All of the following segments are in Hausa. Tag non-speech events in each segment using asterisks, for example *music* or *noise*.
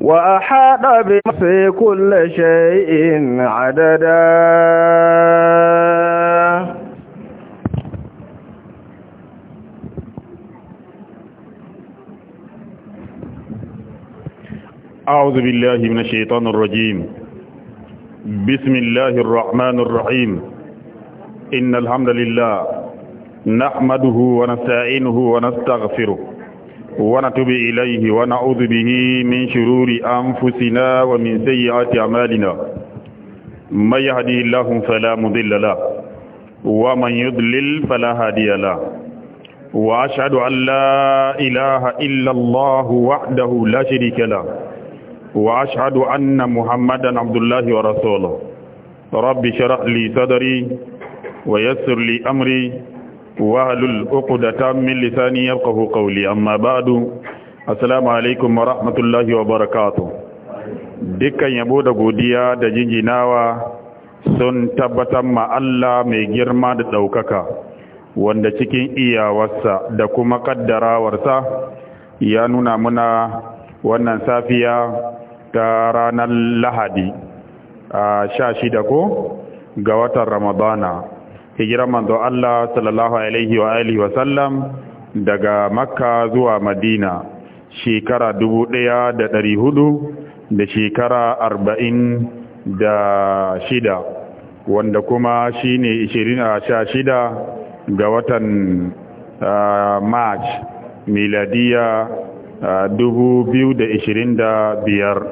وأحاط بما في كل شيء عددا أعوذ بالله من الشيطان الرجيم بسم الله الرحمن الرحيم إن الحمد لله نحمده ونستعينه ونستغفره ونتوب إليه ونعوذ به من شرور أنفسنا ومن سيئات أعمالنا من يهدي الله فلا مضل له ومن يضلل فلا هادي له وأشهد أن لا إله إلا الله وحده لا شريك له وأشهد أن محمدا عبد الله ورسوله رب شرح لي صدري ويسر لي أمري wahalul uqdata min lisani yafqahu qawli amma ba'du assalamu alaikum wa rahmatullahi wa barakatuh dukkan yabo da godiya da jinjinawa sun tabbatar ma Allah mai girma da ɗaukaka wanda cikin iyawarsa da kuma kaddarawarsa ya nuna muna wannan safiya ta ranar Lahadi a shida ko ga watan Ramadana hijiran manzo Allah sallallahu alaihi wa alihi wa sallam daga makka zuwa madina shekara dubu ɗaya da ɗari hudu da shekara arba'in da shida wanda kuma shi ne ishirin a ah, sha shida ga watan ah, march miladiya ah, dubu biyu da ishirin da biyar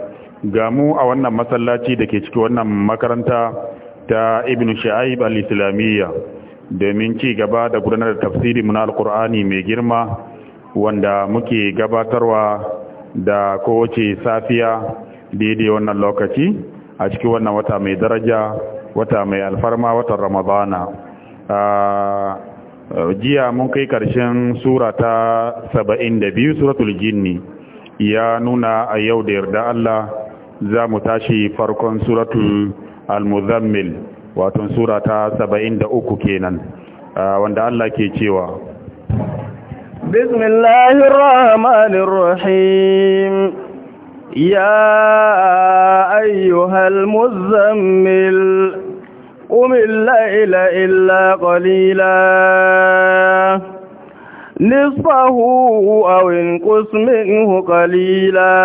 gamu a wannan masallaci da ke ciki wannan makaranta ta ibn sha'ib al-islamiyya domin ci gaba da gudanar da tafsiri na alkur'ani mai girma wanda muke gabatarwa da kowace safiya daidai wannan lokaci a cikin wannan wata mai daraja wata mai alfarma watan ramadana ah, jiya mun kai karshen sura ta 72 suratul jinni ya nuna a yau da yarda Allah za mu tashi farkon suratul al-muzammil wato sura ta 73 kenan wanda Allah ke cewa bismillahir rahmanir rahim ya ayyuhal muzammil قم الليل إلا قليلا نصفه أو انقص منه قليلا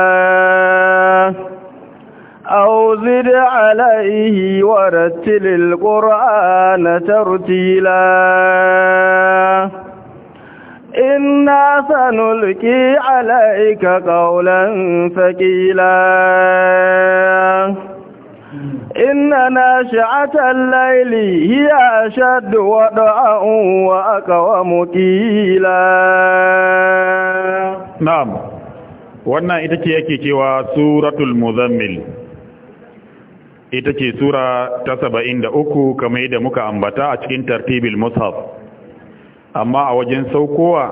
أو زد عليه ورتل القرآن ترتيلا إنا سنلقي عليك قولا ثقيلا إن ناشعة الليل هي أشد وضعا وأقوم قيلا نعم wannan ita ce yake cewa suratul muzammil ita ce sura ta saba'in da uku kamar da muka ambata a cikin tartibin mushaf amma a wajen saukowa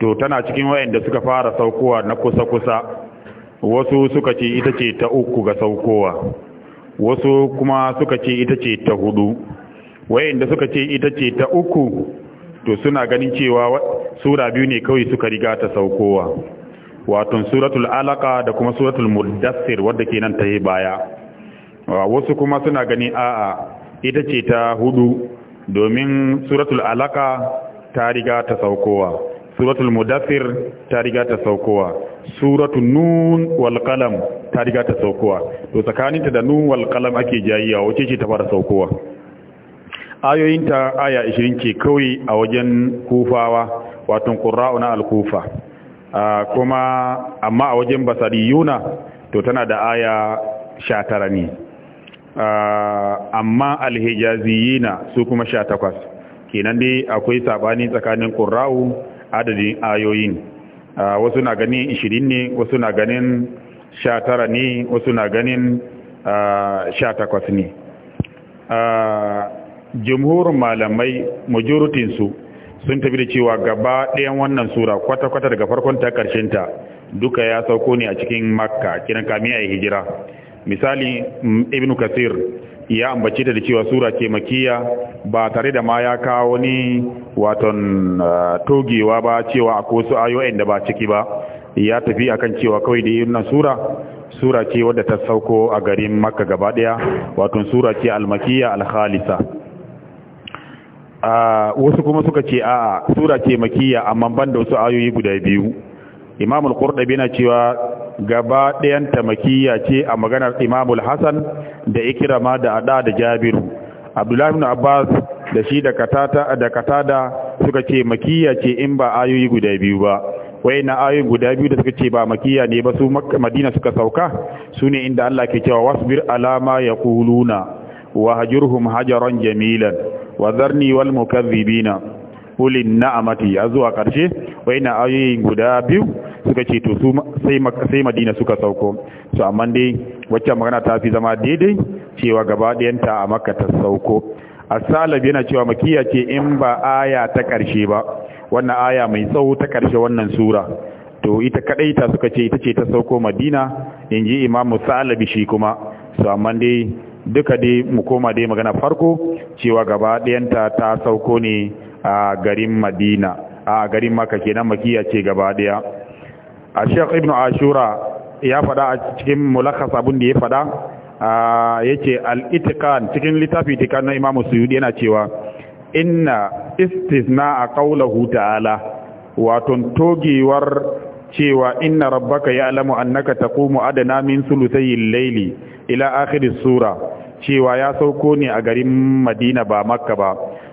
to tana cikin wayanda suka fara saukowa na kusa-kusa wasu suka ce ita ce ta uku ga saukowa wasu kuma suka ce ita ce ta hudu wayanda suka ce ita ce ta uku to suna ganin cewa sura biyu ne kawai suka riga ta saukowa wato suratul alaka da kuma suratul muddassir wadda ke nan ta yi baya wasu kuma suna gani a'a ita ce ta hudu domin suratul alaka ta riga ta saukowa suratul mudathir ta riga ta saukowa suratul nun wal qalam ta riga ta saukowa to tsakaninta da nun wal qalam ake jayiya wace ce ta fara saukowa ayoyinta aya 20 ce kawai a wajen kufawa wato na al kufa kuma amma a wajen basariyuna to tana da aya 19 ne Ah, amma alhijaziyina su kuma sha takwas kenan dai akwai sabani tsakanin ƙura'u adadin ayoyin ah, wasu na ganin ishirin ne wasu na ganin sha tara ne wasu na ganin ah, sha takwas ne jimhurin malamai majoritinsu sun tafi da cewa gaba ɗayan wannan sura kwata-kwata daga farkon ta ƙarshenta duka ya sauko ne a cikin makka kiran kamiya hijira misali mm, ibn kathir ya ambaci da cewa sura ce makiya ba tare da ma ya kawo wani waton uh, togewa ba cewa akwai su ayoyin da ba ciki ba ya tafi akan cewa kawai da yin sura sura ce wadda ta sauko a garin makka gaba daya waton sura ce almakiya alhalisa. Uh, wasu kuma suka ce a'a sura ce makiya amma ban da wasu ayoyi guda biyu imamul qurdabi na cewa gaba ɗayan tamakiyya ce a maganar imamul hassan da ikirama da ada da jabiru abdullahi ibn abbas da shi da katada suka ce makiyya ce in ba ayoyi guda biyu ba wai na ayoyi guda biyu da suka ce ba makiyya ne ba su madina suka sauka su ne inda Allah ke cewa wasbir alama kuluna wa hajurhum hajaran jamilan wa zarni wal mukaththibina ulin na'amati zuwa karshe wai na ayoyi guda biyu suka ce to su sai madina suka sauko to amma dai waccan magana ta fi zama daidai cewa gaba ɗayanta a makka ta sauko asalab yana cewa makiya ce in ba aya ta ƙarshe ba wannan aya mai tsawo ta ƙarshe wannan sura to ita kadai ta suka ce ita ce ta sauko madina in ji imamu salabi shi kuma su amma dai duka dai mu koma dai magana farko cewa gaba ɗayanta ta sauko ne a garin madina a garin maka kenan makiya ce gaba ɗaya a shek ibn ashura ya fada a cikin mulakas abin da ya fada ya ce al'itikan cikin littafi itikan na imamu suyudi yana cewa inna istisna a ƙaunahu ta'ala waton togewar cewa inna rabbaka ya alamu annaka taqumu adana min sulusayil laili ila akhir sura cewa ya sauko ne a garin Madina ba Makka ba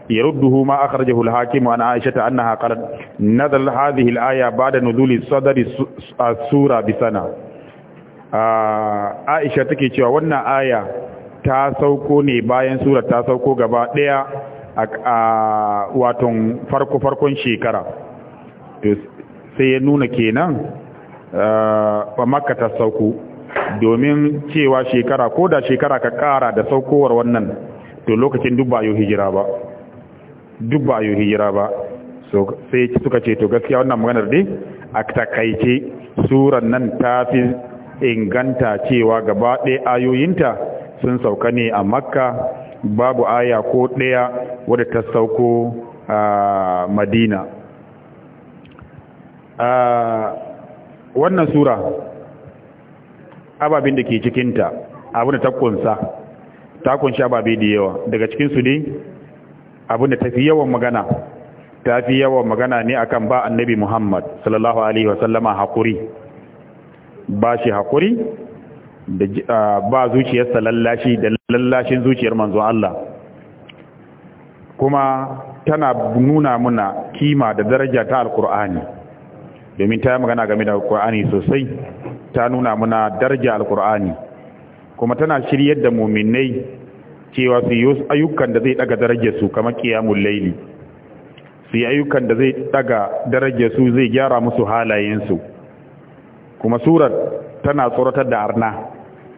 يرده ما أخرجه الحاكم عن عائشة أنها قالت نزل هذه الآية بعد نزول صدر السورة بسنة عائشة تكي cewa wannan aya ta sauko ne bayan sura ta sauko gaba daya a waton farko farkon shekara sai ya nuna kenan a makka ta sauko domin cewa shekara ko da shekara ka ƙara da saukowar wannan to lokacin duk ba yau hijira ba duk ba a yi hijira ba sai suka ce to gaskiya wannan maganar dai a takaice suran nan ta fi inganta cewa gaba ɗaya ayoyinta sun sauka ne a makka babu aya ko ɗaya wadda ta sauko a madina wannan sura ababin da ke cikinta abin da ta kunsa ta kunshi ababe da yawa daga cikin su ne abin da tafi yawan magana tafi yawan magana ne akan ba annabi Muhammad sallallahu alaihi wasallama hakuri ba shi hakuri ba zuciyarsa lallashi da lallashin zuciyar manzo Allah kuma tana nuna muna kima da daraja ta alkur'ani domin ta magana game da alkur'ani sosai ta nuna muna daraja alkur'ani kuma tana shiryar da muminai cewa su yi ayyukan da zai daga darajar su kamar qiyamul laili, su yi ayyukan da zai daga darajar su zai gyara musu halayen su kuma surar tana tsoratar da arna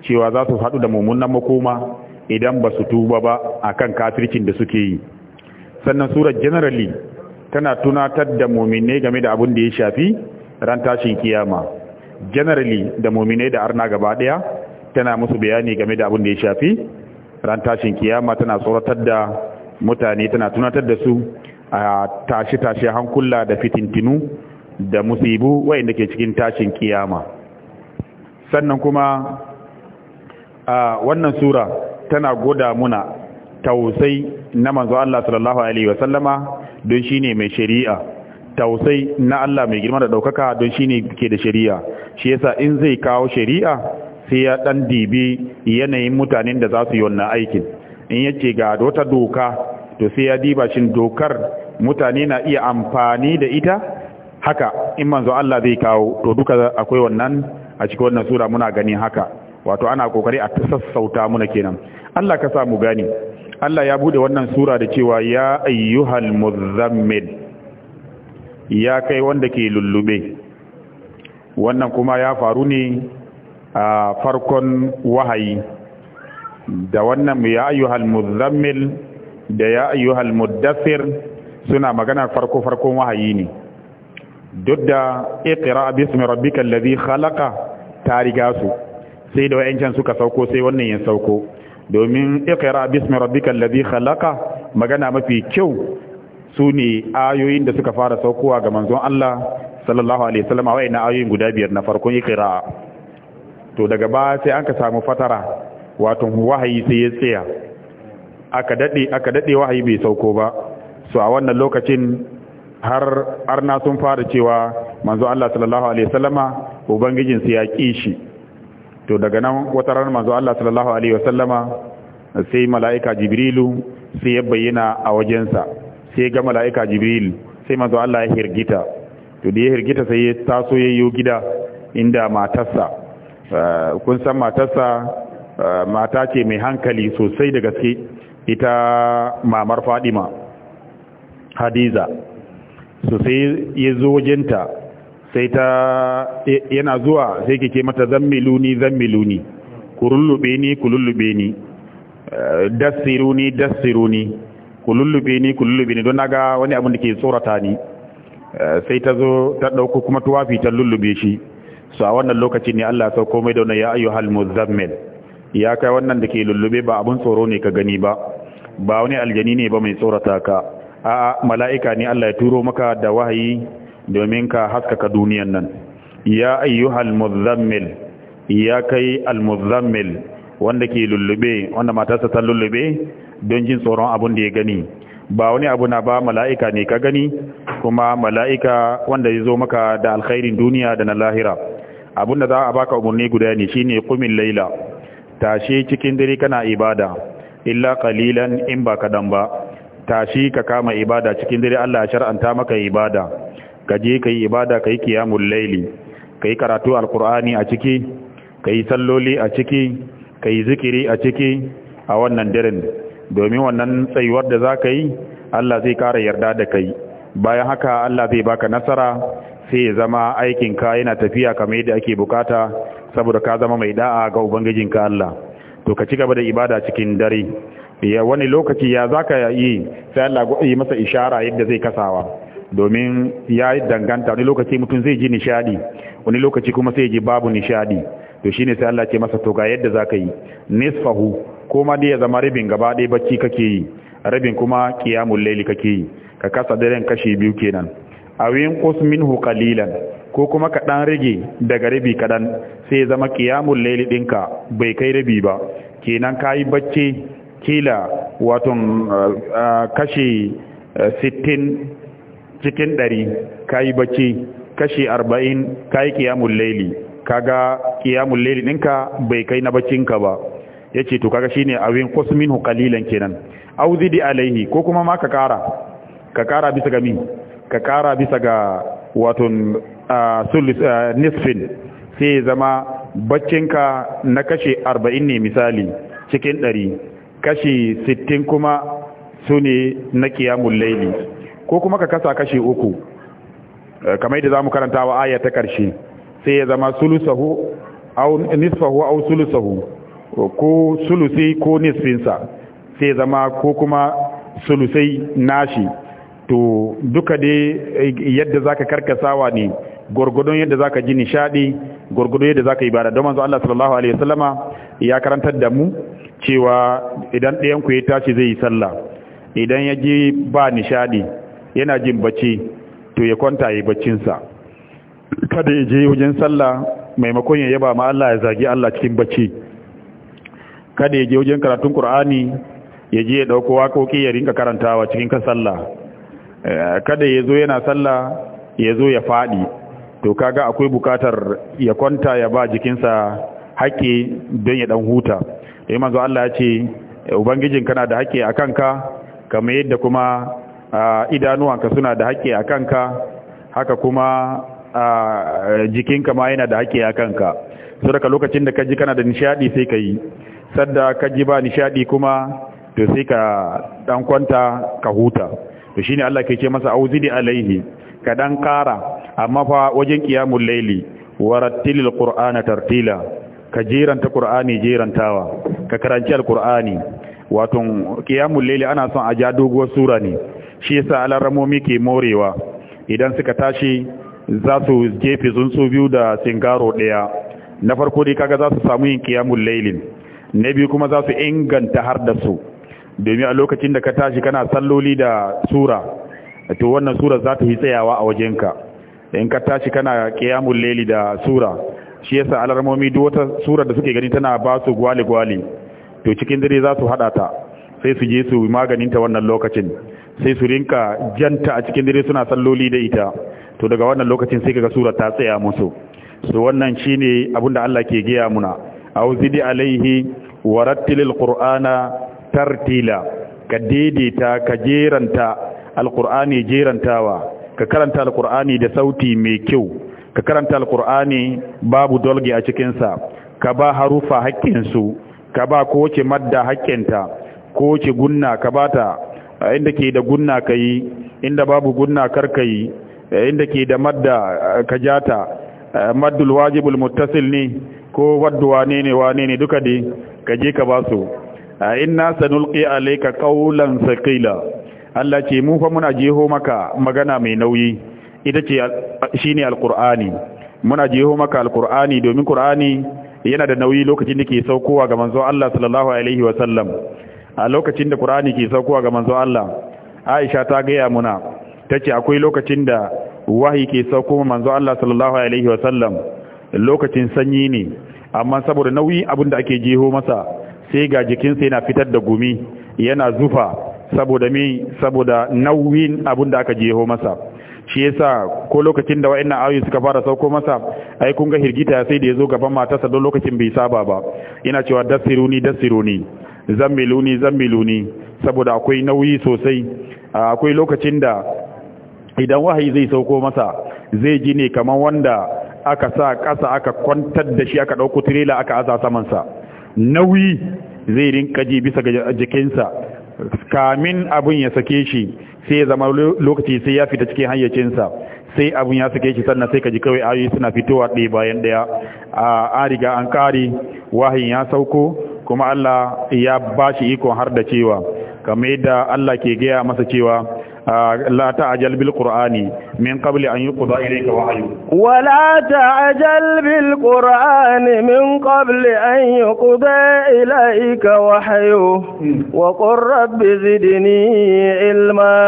cewa za su haɗu da mummunan makoma idan ba su tuba ba akan kafircin da suke yi sannan surar generally tana tunatar da muminai game da abin da ya shafi ran tashin kiyama generally da muminai da arna gaba daya tana musu bayani game da abin da ya shafi ran tashin kiyama tana tsoratar da mutane tana tunatar da su a tashi-tashi hankula da fitintinu da musibu wayanda ke cikin tashin kiyama sannan kuma a wannan sura tana goda muna tausai na manzo Allah sallallahu alaihi wasallama don shine mai shari'a tausai na Allah mai girma da daukaka don shine ke da shari'a shi yasa in zai kawo shari'a sai ya dan dibi yanayin mutanen da za su yi wannan aikin in yake ga wata doka to sai ya diba shi dokar mutane na iya amfani da ita haka in manzo Allah zai kawo to duka akwai wannan a cikin wannan sura muna ganin haka wato ana kokari a sassauta muna kenan Allah ka sa mu gani Allah ya bude wannan sura da cewa ya ayyuhal muzammil ya kai wanda ke lullube wannan kuma ya faru ne a farkon wahayi da wannan ya ayu halmuzammil da ya ayu muddathir suna magana farko farkon wahayi ne duk da iqra bismi rabbikal ladhi halaka ta riga su sai da wayancan suka sauko sai wannan ya sauko domin iqra bismi rabbikal ladhi halaka magana mafi kyau su ne ayoyin da suka fara saukowa ga manzon Allah sallallahu alaihi wasallam a wayannan ayoyin guda biyar na farkon iqra to daga baya sai an ka samu fatara wato wahayi sai ya tsaya aka dade aka dade wahayi bai sauko ba so a wannan lokacin har arna sun fara cewa manzo Allah sallallahu alaihi wasallama ubangijin sai ya kishi to daga nan wata ran manzo Allah sallallahu alaihi wasallama sai mala'ika jibrilu sai ya bayyana a wajensa sai ga mala'ika jibril sai manzo Allah ya hirgita to da ya hirgita sai ya taso yayyo gida inda matarsa kun san matarsa mata ce mai hankali sosai da gaske ita mamar fadima hadiza sosai ya zo wajenta sai ta yana zuwa sai kike mata zammiluni zammiluni ku lullube ni ku ni dassiruni dassiruni ku ni ku ni don naga wani abin da ke tsorata ni sai ta zo ta ɗauko kuma tuwafi ta lullube shi so a wannan lokaci ne Allah sau komai da wannan ya ayyuhal muzammil ya kai wannan da ke lullube ba abun tsoro ne ka gani ba ba wani aljani ne ba mai tsorata ka a'a mala'ika ne Allah ya turo maka da wahayi domin ka haskaka duniyan nan ya ayyuhal muzammil ya kai al muzammil wanda ke lullube wanda matarsa ta lullube don jin tsoron abun da ya gani ba wani abu na ba mala'ika ne ka gani kuma mala'ika wanda ya zo maka da alkhairin duniya da na lahira da za a baka umarni guda ne shine kumin laila tashi cikin dare kana ibada illa kalilan in ba kadan ba tashi ka kama ibada cikin dare Allah ya shar'anta maka ibada ka je ka yi ibada ka yi kiyamun laili Ka yi karatu alkur'ani a ciki ka yi salloli a ciki ka yi zikiri a ciki a wannan daren domin wannan tsayuwar da za ka yi Allah zai kara yarda da kai bayan haka Allah zai baka nasara sai ya zama aikin ka yana tafiya kamar yadda ake bukata saboda ka zama mai da'a ga ubangijinka Allah to ka ci gaba da ibada cikin dare ya wani lokaci ya zaka yi sai Allah ya yi masa ishara yadda zai kasawa domin ya danganta wani lokaci mutum zai ji nishadi wani lokaci kuma sai ya ji babu nishadi to shine sai Allah ce masa to ga yadda zaka yi nisfahu koma dai ya zama rabin gaba dai bacci kake yi rabin kuma qiyamul layli kake yi ka kasa daren kashi biyu kenan a kusmin minhu qalilan ko kuma ka dan rage daga rabi kadan sai zama qiyamul layl dinka bai kai rabi ba kenan kayi bacci kila wato uh, uh, kashi 60 uh, cikin 100 kayi bacci kashi 40 kayi qiyamul layl kaga qiyamul layl dinka bai kai na baccinka ba yace to kaga shine awin minhu qalilan kenan auzidi alaihi ko kuma ma ka kara ka kara bisa ga min ka kara bisa ga wato nisfin sai zama baccinka na kashe arba'in ne misali cikin ɗari kashe sittin kuma su ne na kiyamun laili ko kuma ka kasa kashe uku kamar yadda za mu karanta wa aya ta ƙarshe sai ya zama sulusahu au nisfahu au sulusahu ko sulusi ko nisfinsa sai zama ko kuma sulusai nashi to duka dai eh, yadda zaka karkasawa ne gwargwadon yadda za ka ji nishadi gwargwadon yadda za ka ba da, don manzo Allah sallallahu alaihi wasallama ya karantar da mu cewa idan ɗayan ya tashi zai yi sallah idan ya ji ba nishaɗi yana jin bacci to ya kwanta ya yi baccinsa kada ya je wajen sallah maimakon ya yaba ma Allah ya zagi Allah cikin bacci kada ya je wajen karatun Qur'ani ya je ya dauko waƙoƙi ya rinka karantawa cikin ka sallah Eh, kada ya zo yana sallah ya zo ya faɗi to kaga akwai bukatar ya kwanta ya ba jikinsa haƙƙi don ya ɗan huta ya eh, manzo Allah ya ce ubangijin kana da haƙƙi a kanka kamar yadda kuma idanuwanka suna da haƙƙi a kanka haka kuma jikinka ma yana da haƙƙi a kanka so daga lokacin da ka ji kana da nishaɗi sai ka yi sadda kaji ba nishaɗi kuma to sai ka ɗan kwanta ka huta to shine Allah ke ce masa auzidi alaihi ka dan kara amma fa wajen qiyamul laili warattilil qur'ana tartila ka jiranta qur'ani jirantawa ka karanci alqur'ani wato qiyamul laili ana son a ja doguwar sura ne shi yasa alarmomi ke morewa idan suka tashi za su jefe tsuntsu biyu da singaro daya na farko dai kaga za su samu yin qiyamul laili na biyu kuma za su inganta har da su domin a lokacin da ka tashi kana salloli da sura to wannan sura za ta yi tsayawa a wajenka in ka tashi kana qiyamul leli da sura shi yasa alarmomi duk wata sura da suke gani tana ba su gwali gwali to cikin dare za su hada ta sai su je su maganin ta wannan lokacin sai su rinka janta a cikin dare suna salloli da ita to daga wannan lokacin sai kaga sura ta tsaya musu so wannan shine abinda Allah ke giya muna auzidi alaihi warattilil qur'ana tartila ka daidaita ka jeranta alqur'ani jerantawa ka karanta alqur'ani da sauti mai kyau ka karanta alqur'ani babu dolge a cikin sa ka ba harufa haƙƙin su ka ba kowace madda haƙƙinta kowace gunna ka bata inda ke da gunna ka yi inda babu gunna kar ka yi inda ke da madda ka jata maddul wajibul muttasil ne ko waddu wane ne wane ne duka dai ka je ka ba su a inna sanulqi alayka qawlan saqila Allah ce mu fa muna jeho maka magana mai nauyi ita ce shine alqur'ani muna jeho maka alqur'ani domin qur'ani yana da nauyi lokacin da ke saukowa ga manzo Allah sallallahu alaihi wa sallam a lokacin da qur'ani ke saukowa ga manzo Allah Aisha ta gaya muna tace akwai lokacin da wahyi ke saukowa manzo Allah sallallahu alaihi wa sallam lokacin sanyi ne amma saboda nauyi abin da ake jeho masa sai ga jikinsa yana fitar da gumi yana zufa saboda mi saboda nauyin abin da aka jeho masa shi yasa ko lokacin da wa'annan ayoyi suka fara sauko masa ai kun ga hirgita sai da yazo gaban matarsa don lokacin bai saba ba yana cewa dasiruni dasiruni zammiluni zammiluni saboda akwai nauyi sosai akwai lokacin da idan wahayi zai sauko masa zai ji ne kamar wanda aka sa ƙasa aka kwantar da shi aka ɗauko tirela aka aza samansa nauyi zai rinka ji bisa ga jikinsa kamin abun ya sake shi sai ya zama lokaci sai ya fita cikin hayyacinsa sai abun ya sake shi sannan sai ka ji kawai ayoyi suna fitowa ɗaya bayan ɗaya a riga an kare wahayin ya sauko kuma Allah ya bashi ikon har da cewa kamar yadda Allah ke gaya masa cewa لا تعجل بالقرآن من قبل أن يقضى إليك وحيه ولا تعجل بالقرآن من قبل أن يقضى إليك وحيه وقل رب زدني علما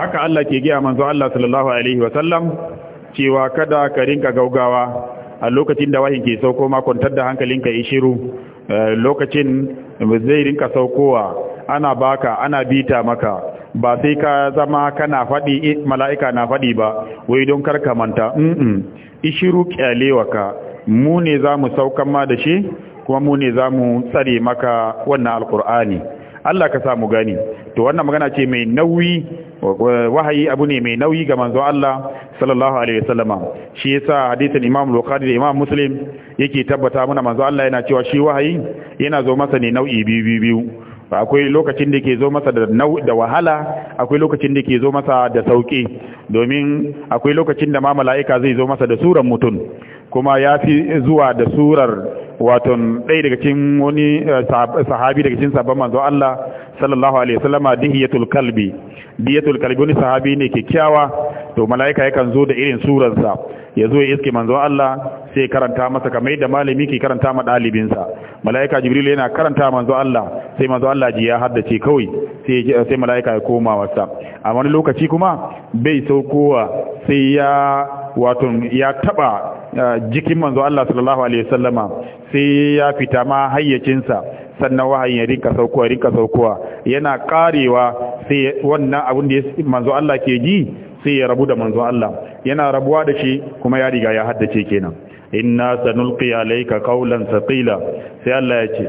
haka Allah ke giya manzo Allah sallallahu alaihi wasallam cewa kada ka rinka gaugawa a lokacin da wahin ke sauko tarda kwantar da yi shiru lokacin zai rinka saukowa ana baka ana bita maka ba sai ka zama kana faɗi eh, mala'ika na faɗi ba wai don karka manta mm ishiru kyalewaka mu ne za mu saukan ma da shi kuma mu ne za mu tsare maka wannan alkur'ani Allah ka samu gani to wannan magana ce mai nauyi wahayi abu ne mai nauyi ga manzo Allah sallallahu alaihi wasallama shi yasa hadisin Imam Bukhari da Imam Muslim yake tabbata mana manzo Allah yana cewa shi wahayi yana zo masa ne nau'i biyu biyu akwai lokacin da ke zo masa da wahala akwai lokacin da ke zo masa da sauki domin akwai lokacin da ma mala'ika zai zo masa da surar mutum kuma ya fi zuwa da surar waton ɗaya daga cikin wani eh, sahabi daga cikin sabon manzo Allah sallallahu alaihi wasallam dihiyatul kalbi diyatul kalbi wani sahabi ne kyakkyawa to mala'ika yakan zo da irin surarsa ya zo ya iske manzo Allah sai karanta masa kamar da malami ke karanta ma ɗalibinsa mala'ika jibril yana karanta manzo Allah sai manzo Allah ji ya haddace kawai sai sai mala'ika ya koma wasa a wani lokaci kuma bai saukowa sai ya wato ya taba eh, jikin manzo Allah sallallahu alaihi wasallama sai ya fita ma hayyacinsa sannan wahayin ya rinka saukowa rinka saukowa yana karewa sai wannan abin da manzo Allah ke ji sai ya rabu da manzo Allah yana rabuwa da shi kuma ya riga ya haddace kenan inna sanulqi alayka qawlan thaqila sai Allah ya ce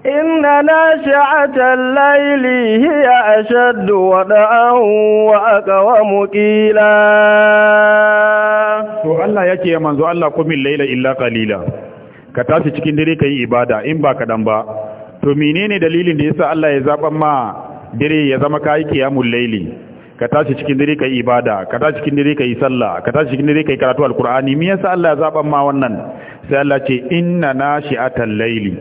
inna al layli hiya ashaddu da'u wa aqwamu qila to Allah yake ya manzo Allah al layla illa qalila ka tashi cikin dare kai ibada in ba kadan ba to menene dalilin da yasa Allah ya zaban ma dare ya zama kai kiyamul layli ka tashi cikin dare ka yi ibada ka tashi cikin dare ka yi sallah ka tashi cikin dare ka yi karatu alqur'ani me yasa Allah ya zaban ma wannan sai Allah ce inna nashi'atal layli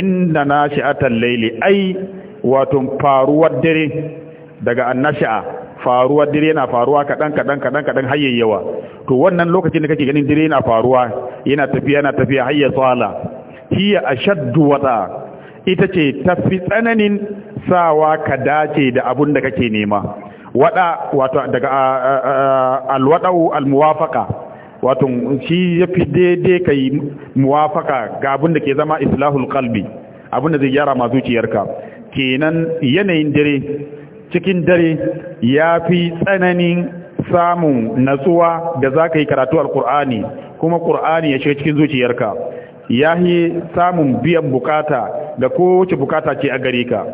inna nashi'atal layli ai wato faruwar dare daga annasha'a faruwar dare yana faruwa kadan kadan kadan kadan hayyawa to wannan lokacin da kake ganin dare yana faruwa yana tafiya yana tafiya hayya sala hiya ashaddu wada ita ce tafi tsananin sawa ka dace da abun da kake nema wada wato daga alwadau almuwafaqa wato shi yafi daidai kai muwafaqa ga abin da ke zama islahul qalbi abin da zai gyara ma zuciyarka kenan yanayin dare cikin dare ya fi tsananin samun natsuwa da zaka yi karatu alqur'ani kuma qur'ani ya shiga cikin zuciyarka yahi samun biyan bukata da kowace bukata ce a gare ka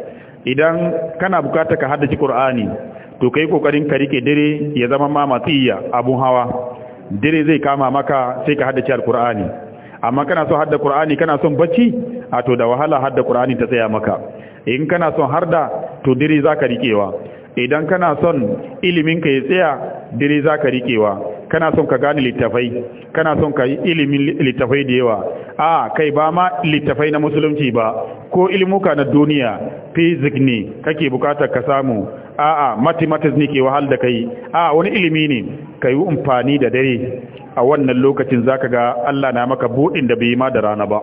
idan kana bukata ka haddace qur'ani to kai kokarin ka rike dare ya zama ma matiya abun hawa dare zai kama maka sai ka haddace alqur'ani amma kana so hadda qur'ani kana son bacci a to da wahala hadda qur'ani ta tsaya maka in kana son harda to dire zaka rikewa idan kana son ilimin ka ya tsaya dire za ka riƙewa kana son ka gane littafai kana son ka yi ilimin littafai da yawa a kai ba ma littafai na musulunci ba ko ilimuka na duniya fizik ne kake bukatar ka samu a mathematics ne ke wahal da kai a wani ilimi ne ka yi amfani da dare a wannan lokacin za ka ga Allah na maka buɗin da bai ma da rana ba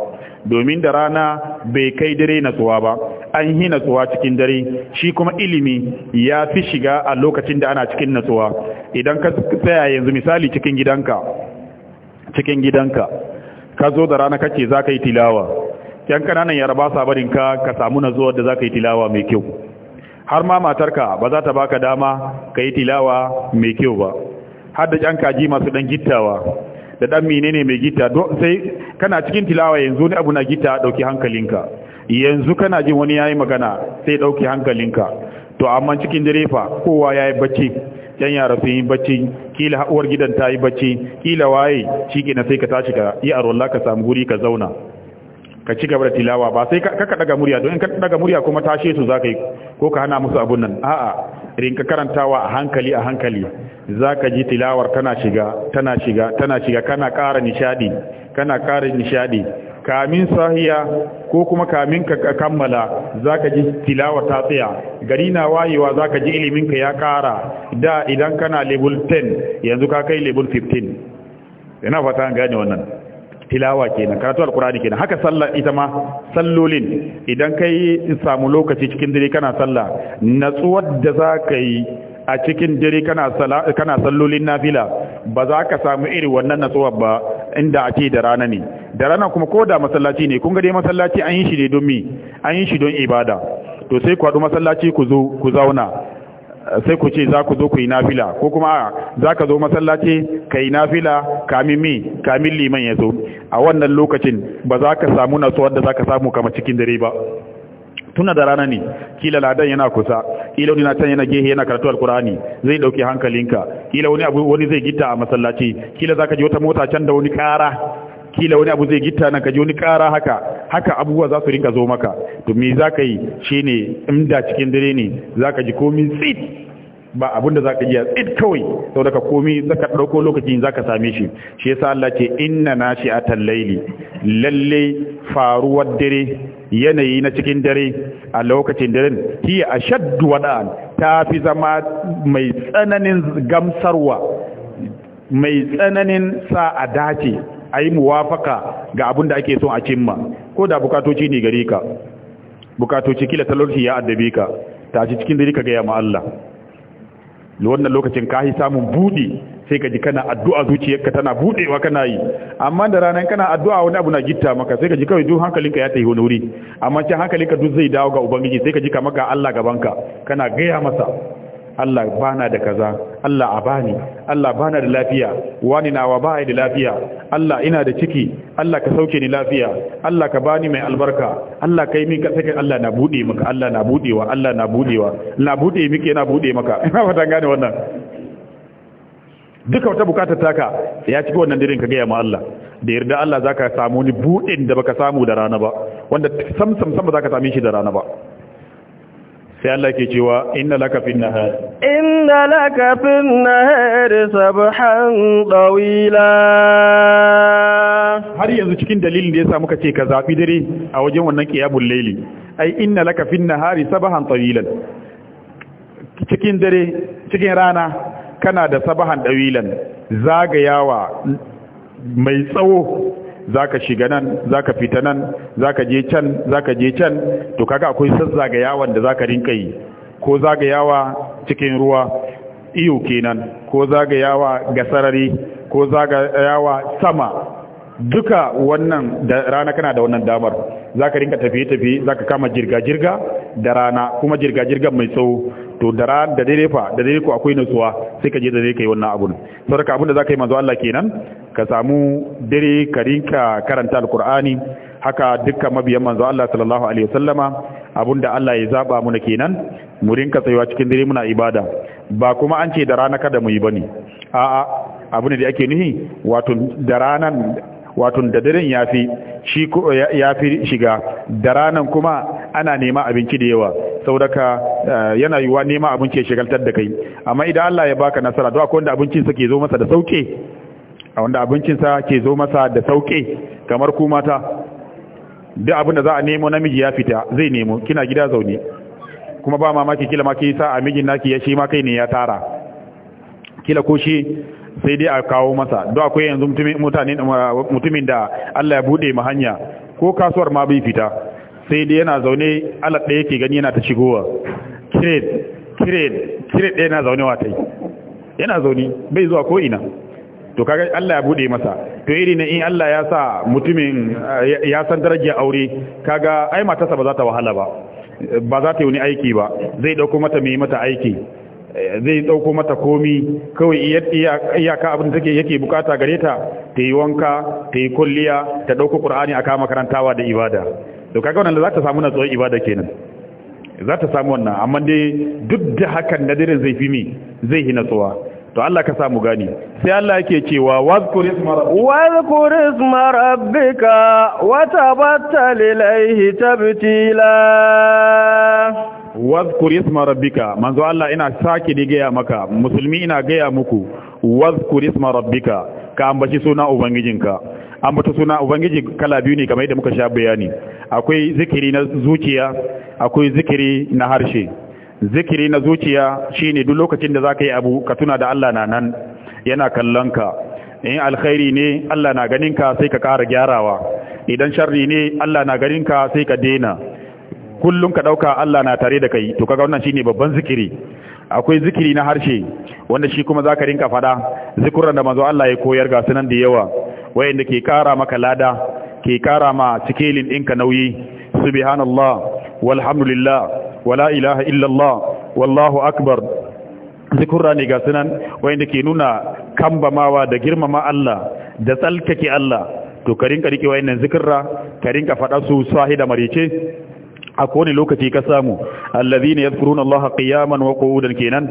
domin da rana bai kai dare natsuwa ba an yi natsuwa cikin dare shi kuma ilimi ya fi shiga a lokacin da ana cikin natsuwa idan ka tsaya yanzu misali cikin gidanka cikin gidanka ka zo da rana kake za ka yi tilawa yan kananan yaraba sabarinka ka samu zuwa da za ka yi tilawa mai kyau har ma matarka ba za ta baka dama ka yi tilawa mai kyau ba har da yan kaji masu ɗan gittawa da dan menene mai gita sai kana cikin tilawa yanzu ne abu na gita dauki hankalinka yanzu kana jin wani yayi magana sai dauki hankalinka to amma cikin direfa fa kowa yayi bacci dan yara sun yi bacci kila uwar gidan ta yi bacci kila waye na sai ka tashi ka yi arwalla ka samu guri ka zauna ka ci gaba da tilawa ba sai ka daga murya don in ka daga murya kuma tashe su zaka yi ko ka hana musu abun nan a'a rinka karantawa a hankali a hankali za ka ji tilawar tana shiga tana shiga tana shiga kana ƙara nishadi kana ƙara nishadi kamin sahiya ko kuma kamin ka kammala za ka ji tilawa ta tsaya gari na wayewa za ka ji iliminka ya ƙara da idan kana level 10 yanzu ka kai level 15 ina fata an gane wannan tilawa kenan karatu alqur'ani kenan haka sallar ita ma sallolin idan kai samu lokaci cikin dare kana sallah natsuwar da za yi a cikin dare kana sallolin nafila ba za ka samu irin wannan natsuwar ba inda ake da rana ne da rana kuma ko da masallaci ne kun ga dai masallaci an yi shi ne don mi an yi shi don ibada to sai ku haɗu masallaci ku zo ku zauna sai ku ce za ku zo ku yi nafila ko kuma za ka zo masallaci ka yi nafila kamin mi kamin liman ya zo a wannan lokacin ba za ka samu natsuwar da za ka samu kama cikin dare ba tuna da rana ne kila ladan yana kusa kila wani na can yana gehe yana karatu alkurani zai dauke hankalinka kila wani abu wani zai gita a masallaci kila ka ji wata mota can da wani kara kila wani abu zai gita nan ka wani kara haka haka abubuwa za su rinka zo maka to me za ka yi shi ne inda cikin dare ne za ka ji komi tsit ba abinda za ka iya tsit kawai sau daga komi za ka ɗauko lokacin za ka same shi shi yasa Allah ce inna na shi a tallaili lalle faruwar dare yanayi na cikin dare a lokacin dare hiya a shaddu wada'an ta fi zama mai tsananin gamsarwa mai tsananin sa a dace a yi muwafaka ga abin da ake son a cimma ko da bukatoci ne gare ka bukatoci kila talauci ya addabe ka ci cikin dare ka gaya ma Allah wannan lokacin ka yi samun budi sai ka ji kana addu'a zuciyarka tana buɗewa kana yi amma da ranar kana addu'a wani abu na gitta maka sai ka ji kawai duk hankalinka ya tafi wani wuri amma can hankalinka duk zai dawo ga ubangiji sai ka ji kamar ga Allah gabanka kana gaya masa Allah bana da kaza Allah a bani Allah bana da lafiya wani nawa ba da lafiya Allah ina da ciki Allah ka sauke ni lafiya Allah ka bani mai albarka Allah kai min ka sake Allah na bude maka Allah na budewa Allah na budewa na bude miki yana bude maka *laughs* ina fatan gane wannan duka wata bukatar taka ya cika wannan dirin ka gaya ma Allah da yarda Allah zaka samu ni budin da baka samu da rana ba wanda sam sam sam ba zaka same shi da rana ba sai Allah ke cewa inna laka fin nahar inna laka na nahar sabhan dawila har yanzu cikin dalilin da yasa muka ce ka zafi dare a wajen wannan qiyamul layli ai inna laka na nahar sabhan tawilan cikin dare cikin rana kana da sabahan dawilan zagayawa mai tsawo zaka shiga nan zaka fita nan zaka je can zaka je can to kaga akwai yawan da zaka rinka yi ko yawa cikin ruwa iyo kenan ko zagayawa ga sarari ko yawa sama duka wannan da rana kana da wannan damar zaka rinka tafiye-tafiye zaka kama jirga-jirga da rana kuma jirga-jirga mai tsawo to da ran da dare fa da dare ko akwai nutsuwa sai ka je da dare kai wannan abun saboda abun da zaka yi manzo Allah kenan ka samu dare ka rinka karanta alkur'ani haka dukkan mabiyan manzo Allah sallallahu alaihi wasallama abinda Allah ya zaba mu kenan mu rinka tsayuwa cikin dare muna ibada ba kuma an ce da rana kada mu yi bane a'a abu ne da ake nuhi wato da ranan wato da daren yafi shi yafi shiga da ranan kuma ana nema abinci da yawa saudaka eh, yana yiwa nema abinci ya shigaltar da kai amma idan Allah ya baka nasara to akwai wanda abincin sa ke zo masa da sauke a wanda abincinsa ke zo masa da sauƙe kamar ku mata duk abin da za a nemo namiji ya fita zai nemo kina gida zaune kuma ba mamaki kila maki sa a mijin naki ya shi ma kai ne ya tara kila ko shi sai dai a kawo masa Do akwai yanzu mutumin da Allah ya bude ma hanya ko kasuwar ma bai fita sai dai yana zaune ala da ke gani yana ta shigowa kire kire kire ɗaya yana zaune wa tai yana zaune bai zuwa ko ina to kaga Allah ya bude masa to iri ne in Allah ya sa mutumin ya san darajar aure kaga ai matarsa ba za ta wahala ba ba za ta yi wani aiki ba zai dauko mata mai mata aiki zai dauko mata komi kawai iyaka abin da yake bukata gare ta ta yi wanka ta yi kulliya ta dauko qur'ani aka makarantawa da ibada to kaga wannan za ta samu natsuwar ibada kenan za ta samu wannan amma dai duk da hakan nadirin zai fi mi zai yi natsuwa to Allah ka samu gani sai Allah yake cewa wazkur isma rabbika wazkur isma rabbika wa tabattal ilayhi tabtila wazkur isma rabbika manzo Allah ina saki ni gaya maka musulmi ina gaya muku wazkur isma rabbika ka ambaci suna ubangijinka ambata suna ubangiji kala biyu ne kamar yadda muka sha bayani akwai zikiri na zuciya akwai zikiri na harshe zikiri na zuciya shine duk lokacin da zaka yi abu ka tuna da Allah na nan yana kallon ka in alkhairi ne Allah na ganin ka sai ka ƙara gyarawa idan sharri ne Allah na ganin ka sai ka dena kullum ka dauka Allah na tare da kai to kaga wannan shine babban zikiri akwai zikiri na harshe wanda shi kuma zaka rinka fada zikuran da manzo Allah ya koyar ga sunan da yawa wayanda ke kara maka lada ke kara ma cikelin ɗinka nauyi subhanallah walhamdulillah wala ilaha illallah wallahu akbar zikurra ne ga sunan wanda ke nuna kambamawa da girmama Allah da tsalkake Allah to ka rinka rike wayannan zikirra ka rinka faɗa su sahi da marice a kowane lokaci ka samu allazina yadhkuruna allaha qiyaman wa qu'udan kenan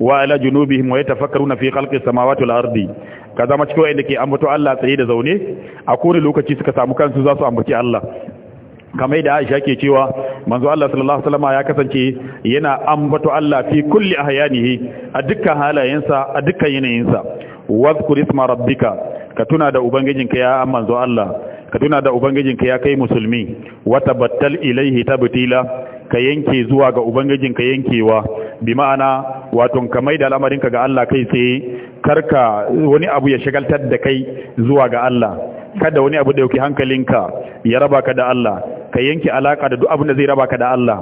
wa ala junubihim wa yatafakkaruna fi khalqis samawati wal ardi ka zama cikin wayanda ke ambato Allah tsaye da zaune a kowane lokaci suka samu kansu za su ambaci Allah kamar da Aisha ke cewa manzo Allah sallallahu alaihi wasallam ya kasance yana ambato Allah fi kulli ahyanihi a dukkan halayensa a dukkan yanayinsa wazkur isma rabbika ka tuna da ubangijinka ya manzo Allah ka tuna da ubangijinka ya kai musulmi watabattal ilaihi tabtila ka yanke zuwa ga ubangijinka yankewa bi ma'ana wato ka maida al'amarinka ga Allah kai tsaye karka wani abu ya shagaltar da kai zuwa ga Allah kada wani abu da yauki hankalinka ya raba ka da Allah ka yanke alaka da duk abin da zai raba ka da Allah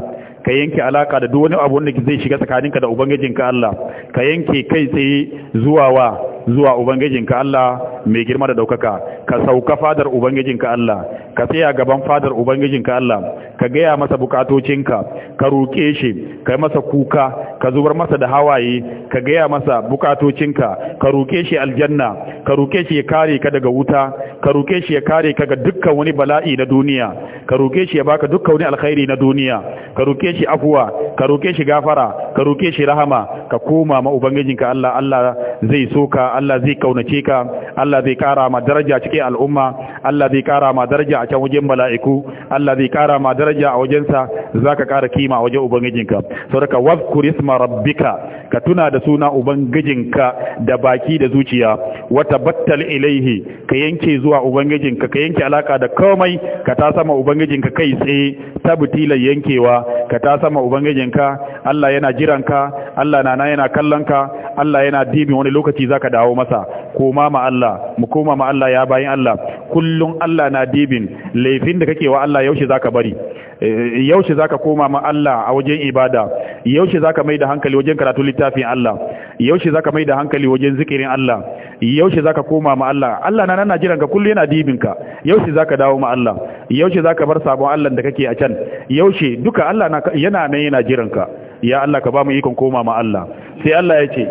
ka yanke alaka da duk wani abu wanda zai shiga tsakaninka da ubangijinka Allah ka yanke kai tsaye zuwa wa zuwa ubangijinka Allah mai girma da daukaka ka sauka fadar ubangijinka Allah ka tsaya gaban fadar ubangijinka Allah ka gaya masa bukatocinka ka roke shi ka masa kuka ka zubar masa da hawaye ka gaya masa bukatocinka ka roke shi aljanna ka roke shi ya kare ka daga wuta ka roke shi ya kare ka ga dukkan wani bala'i na duniya ka roke shi ya baka dukkan wani alkhairi na duniya ka roke shi afuwa ka roke shi gafara ka roke shi rahama ka koma ma ubangijinka Allah Allah zai soka Allah zai kaunace ka Allah Allah zai kara ma daraja cikin al'umma Allah zai kara ma daraja a can wajen mala'iku Allah zai kara ma daraja a wajensa zaka kara kima a wajen ubangijinka saboda wazkur isma rabbika ka tuna da suna ubangijinka da baki da zuciya wa tabattal ilaihi ka yanke zuwa ubangijinka ka yanke alaka da komai ka ta sama ubangijinka kai tsaye tabtilan yankewa ka ta sama ubangijinka Allah yana jiranka Allah na yana kallonka Allah yana dibi wani lokaci zaka dawo masa koma ma Allah mu koma ma Allah ya bayin Allah kullun Allah na dibin laifin da kake wa Allah yaushe zaka bari eh, yaushe zaka koma ma Allah a wajen ibada yaushe zaka mai da hankali wajen karatu littafin Allah yaushe zaka mai da hankali wajen zikirin Allah yaushe zaka koma ma Allah Allah na nan jiran ka kullu yana dibin ka yaushe zaka dawo ma Allah yaushe zaka bar sabon Allah da kake a can yaushe duka Allah yana nan yana jiran ka ya Allah ka ba mu ikon koma ma Allah sai Allah ya ce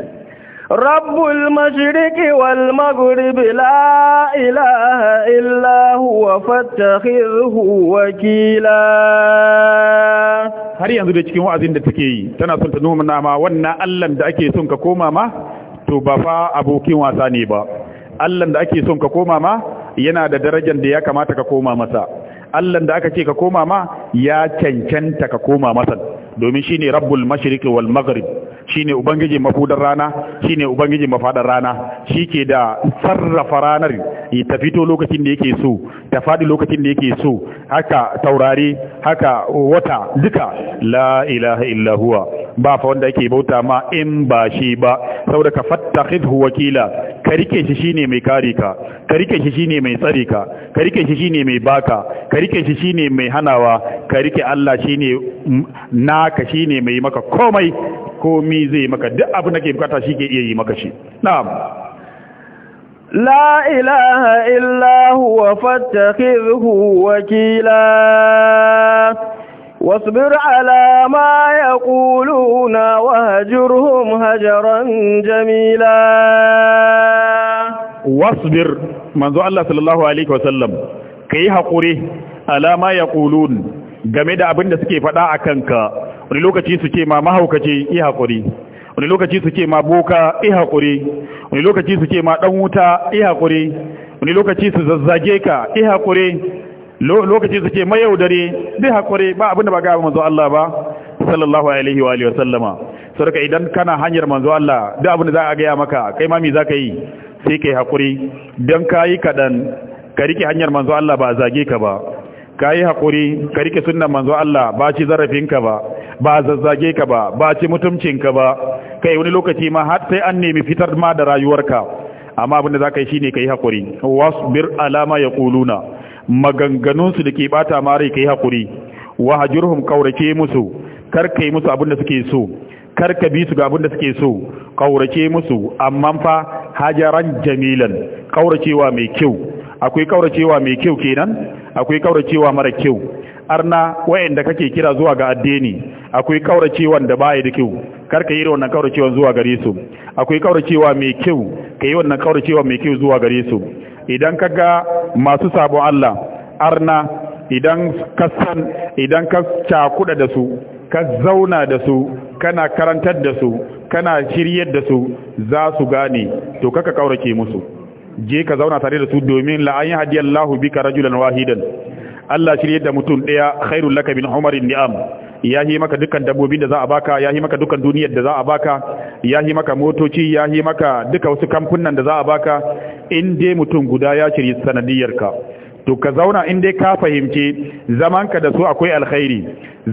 Rabbul المشرق والمغرب لا إله إلا هو فاتخذه وكيلا har yanzu da cikin wa'azin da take yi tana so ta nuna ma wannan Allah da ake son ka koma ma to ba fa abokin wasa ne ba Allah da ake son ka koma ma yana da darajar da ya kamata ka koma masa Allah da aka ce ka koma ma ya cancanta ka koma masa domin shine rabbul mashriqi wal maghrib shine ubangiji mafudar rana shine ubangiji mafadar rana shi ke da sarrafa ranar ta fito lokacin da yake so ta fadi lokacin da yake so haka taurari haka wata duka la ilaha illa huwa ba fa wanda yake bauta ma in ba shi ba saboda ka fattakhidhu wakila ka rike shi shine mai kare ka ka rike shi shine mai tsare ka ka rike shi shine mai baka ka rike shi shine mai hanawa ka rike Allah shine naka shine mai maka komai komi zai maka duk abu da ke bukata shi ke iya yi maka shi na'am la ilaha illa huwa fattakhidhu wakila wasbir ala ma yaquluna wahjurhum hajaran jamila wasbir manzo Allah sallallahu alaihi wasallam kai hakuri ala ma game da abin da suke faɗa a kanka. wani lokaci su ce ma mahaukaci yi haƙuri wani lokaci su ce ma boka yi haƙuri wani lokaci su ce ma ɗan wuta yi haƙuri wani lokaci su zazzage ka yi haƙuri lokaci su ce mayaudare dai haƙuri ba abinda ba ga manzo Allah ba sallallahu alaihi wa alihi wa sallama sarka idan kana hanyar manzo Allah duk abinda da za a gaya maka kai mami za ka yi sai kai haƙuri don ka yi kaɗan ka rike hanyar manzo Allah ba a zage ka ba ka yi haƙuri ka rike sunan manzo Allah ba ci zarafinka ba ba zazzage ka ba ba ci mutumcinka ba kai wani lokaci ma har sai an nemi fitar ma da rayuwarka amma abin da za ka yi shine kai hakuri wasbir alama yaquluna Maganganunsu da ke bata ma rai kai hakuri wahjurhum kaurace musu kar kai musu abin da suke so kar ka bi su ga abin da suke so kaurace musu amma fa hajaran jamilan ƙauracewa mai kyau akwai ƙauracewa mai kyau kenan akwai ƙauracewa mara kyau arna wayanda kake kira zuwa ga addini akwai kauracewa da baya da kyau kar ka yi wannan kauracewan zuwa gare su akwai kauracewa mai kyau ka yi wannan kauracewa mai kyau zuwa gare su idan ka ga masu sabon Allah arna idan ka san idan ka cakuda da su ka zauna da su kana karantar da su kana shiryar da su za su gane to kaka kaurace musu je ka zauna tare da su domin la an yi hadiyallahu bika rajulan wahidan Allah shirye da mutum ɗaya, khairul laka min umarin ni'am yahi maka dukkan dabbobin da za a baka yahi maka dukkan duniyar da za a baka yahi maka motoci yahi maka duka wasu kamfunan da za a baka in dai mutum guda ya shirye ka. to ka zauna in dai ka fahimci zamanka da su akwai alkhairi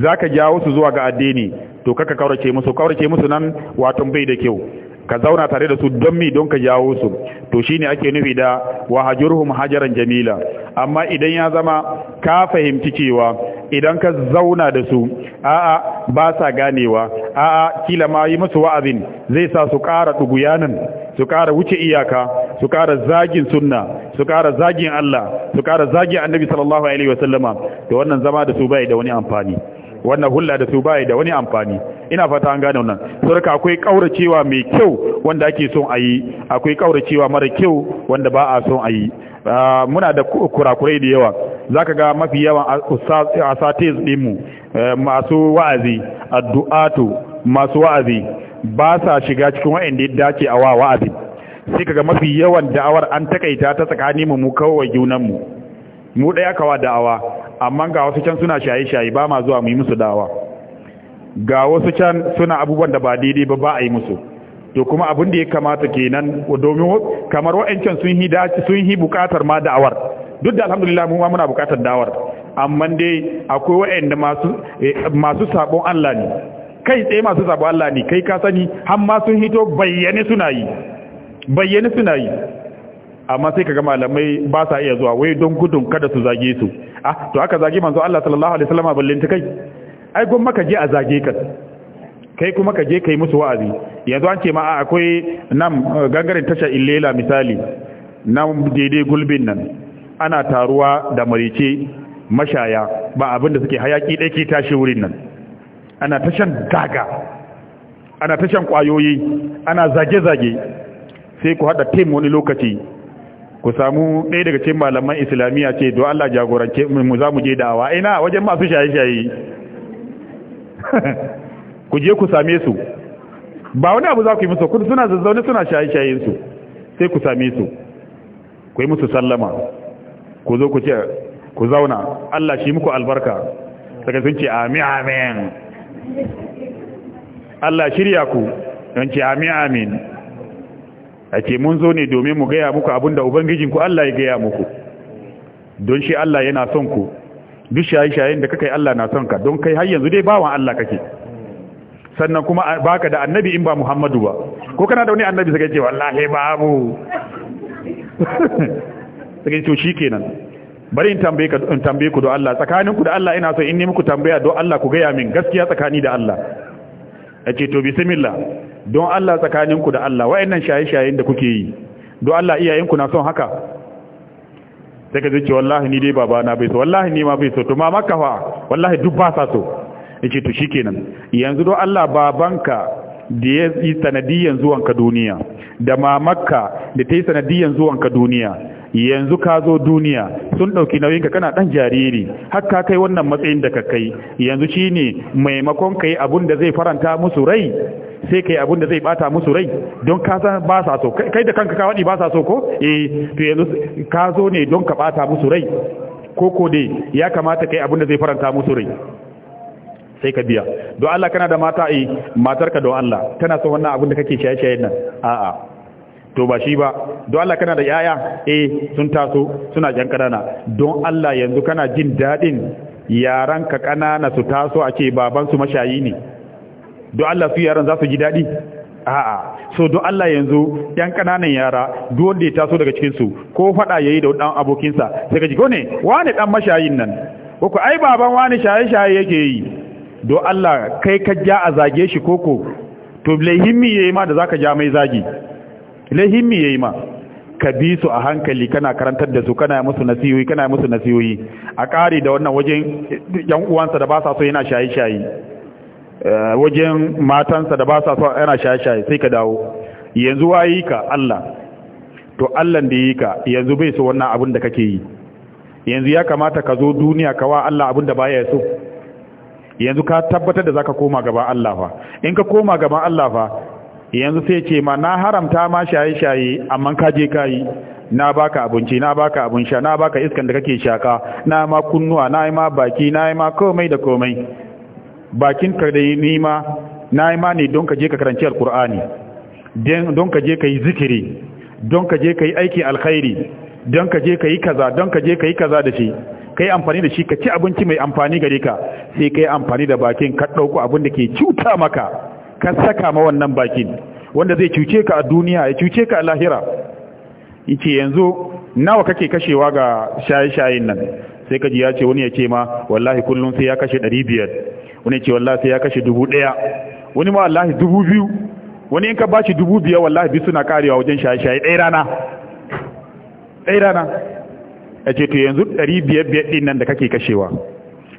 zaka jawo su zuwa ga addini to kaka kaurace musu kaurace musu nan wato bai da kyau ka zauna tare da su don mi don ka jawo su to shine ake nufi da wa hajurhum hajaran jamila amma idan ya zama ka fahimci cewa idan ka zauna da su a'a ba sa ganewa a'a kila ma yi musu wa'azin zai sa su ƙara duguyanin su ƙara wuce iyaka su ƙara zagin sunna su ƙara zagin Allah su ƙara zagin annabi sallallahu alaihi wasallama to wannan zama da su bai da wani amfani wannan hulla da su bai da wani amfani ina fata an gane wannan saboda akwai kauracewa mai kyau wanda ake son a yi akwai kauracewa mara kyau wanda ba a son a yi ah, muna da kurakurai da yawa zaka ga mafi yawan asatis mu eh, masu wa'azi addu'atu masu wa'azi ba sa shiga cikin wa'anda ya dace a wa'azi sai kaga mafi yawan da'awar an takaita ta tsakanin mu kawai junan mu mu daya kawa da'awa amma ga wasu can suna shaye-shaye ba ma zuwa mu yi musu da'awa ga wasu can suna abubuwan da ba daidai ba ba a yi musu to kuma abin da ya kamata kenan domin kamar wa'ancan sun yi dace sun yi bukatar ma da'awar duk da alhamdulillah mu ma muna bukatar da'awar amma dai akwai wa'anda masu eh, masu sabon Allah ne kai tsaye masu sabon Allah ne kai ka sani har ma sun hito bayyane suna yi bayyane suna yi amma sai kaga malamai ba sa iya zuwa wai don gudun kada su zage su ah to aka zage manzo Allah sallallahu alaihi wasallam ballin ta kai ai gon ka je a zage ka kai kuma ka je kai musu wa'azi yanzu an ce ma akwai nan eh, gangaren tasha illela misali nan daidai gulbin nan ana taruwa da marice mashaya ba abinda suke hayaki ɗaya ke tashi wurin nan ana tashan daga ana tashan kwayoyi ana zage-zage sai ku haɗa tim wani lokaci ku samu ɗaya daga cikin malaman islamiyya ce don Allah jagorance mu za mu je da'awa ina wajen masu shaye-shaye *laughs* ku je ku same su ba wani abu za ku yi musu kun suna zazzaune suna shaye-shayen su sai ku same su ku yi musu sallama ku zo ku ce ku zauna Allah shi muku albarka daga sun ce amin amin Allah shirya ku don ce amin amin a ce mun zo ne domin mu gaya muku abinda ubangijinku Allah ya gaya muku don shi Allah yana son ku duk shaye-shayen da kakai Allah na son ka don kai har yanzu dai bawan Allah kake sannan kuma baka da annabi in ba Muhammadu ba ko kana da wani annabi sai ce wallahi babu *laughs* sai to shikenan bari in tambaye ka in tambaye ku da Allah tsakanin ku da Allah ina so in ni muku tambaya don Allah ku gaya min gaskiya tsakani da Allah ake to bismillah don Allah tsakanin ku da Allah wayannan shaye-shayen da kuke yi don Allah iyayen ku na son haka sai ka zai ce wallahi ni dai na bai so wallahi ni ma bai so to ma maka fa wallahi duk ba sa so yace to shikenan yanzu don Allah babanka da ya yi sanadiyan zuwanka duniya da mamakka da ta yi sanadiyan zuwanka duniya yanzu ka zo duniya sun ɗauki nauyinka kana ɗan jariri har ka kai wannan matsayin da ka kai yanzu shi ne maimakon ka yi abin da zai faranta musu rai sai ka yi abin da zai bata musu rai don ka san ba sa so kai da kanka ka ba sa so ko eh to yanzu ka zo ne don ka bata musu rai ko ko dai ya kamata kai abin da zai faranta musu rai sai ka biya don Allah kana da mata eh matarka don Allah tana son wannan abin da kake shaye shaye nan a'a to ba shi ba don Allah kana da yaya eh sun taso suna jan kanana don Allah yanzu kana jin dadin yaran ka kanana su taso a ce baban su mashayi ne don Allah su yaran za su ji dadi a'a so don Allah yanzu yan kananan yara duk wanda ya taso daga cikin su ko fada yayi da dan abokinsa sai ka ji ko ne wani dan mashayin nan ko ai baban wani shaye-shaye yake yi don Allah kai ka ja a zage shi koko to laihimmi yayi ma da zaka ja mai zagi lahimmi yayi ma ka bi su a hankali kana karantar da su kana musu nasiyoyi kana musu nasiyoyi a ƙari da wannan wajen yan uwansa da ba sa so yana shaye-shaye eh, wajen matansa da ba sa so yana shaye-shaye sai ka dawo yanzu wayi ka Allah to Allah da yi ka yanzu bai so wannan abin da kake yi yanzu ya kamata ka zo duniya ka wa Allah abin da baya so yanzu ka tabbatar da zaka koma gaba Allah fa in ka koma gaba Allah fa yanzu sai ce ma na haramta ma shaye-shaye amma ka je ka yi na baka abinci na baka abin sha na baka iskan da kake shaka na ma kunnuwa na ma baki na ma komai da komai bakin ka da ni ma na ma ne don ka je ka karanci alkur'ani don ka je ka yi zikiri don ka je ka yi aikin alkhairi don ka je ka yi kaza don ka je ka yi kaza da shi kai amfani da shi ka ci abinci mai amfani gare ka sai kai amfani da bakin ka ɗauko abin da ke cuta maka ka saka ma wannan bakin wanda zai cuce ka a duniya ya cuce ka a lahira yace yanzu nawa kake kashewa ga shaye-shayen nan sai kaji ya ce wani ya ce ma wallahi kullum sai ya kashe 500 wani ya ce wallahi sai ya kashe 1000 wani ma wallahi 2000 wani in ka bashi 2000 wallahi bi suna karewa wajen shaye-shaye ɗaya rana ɗaya rana ya ce to yanzu 500 ɗin nan da kake kashewa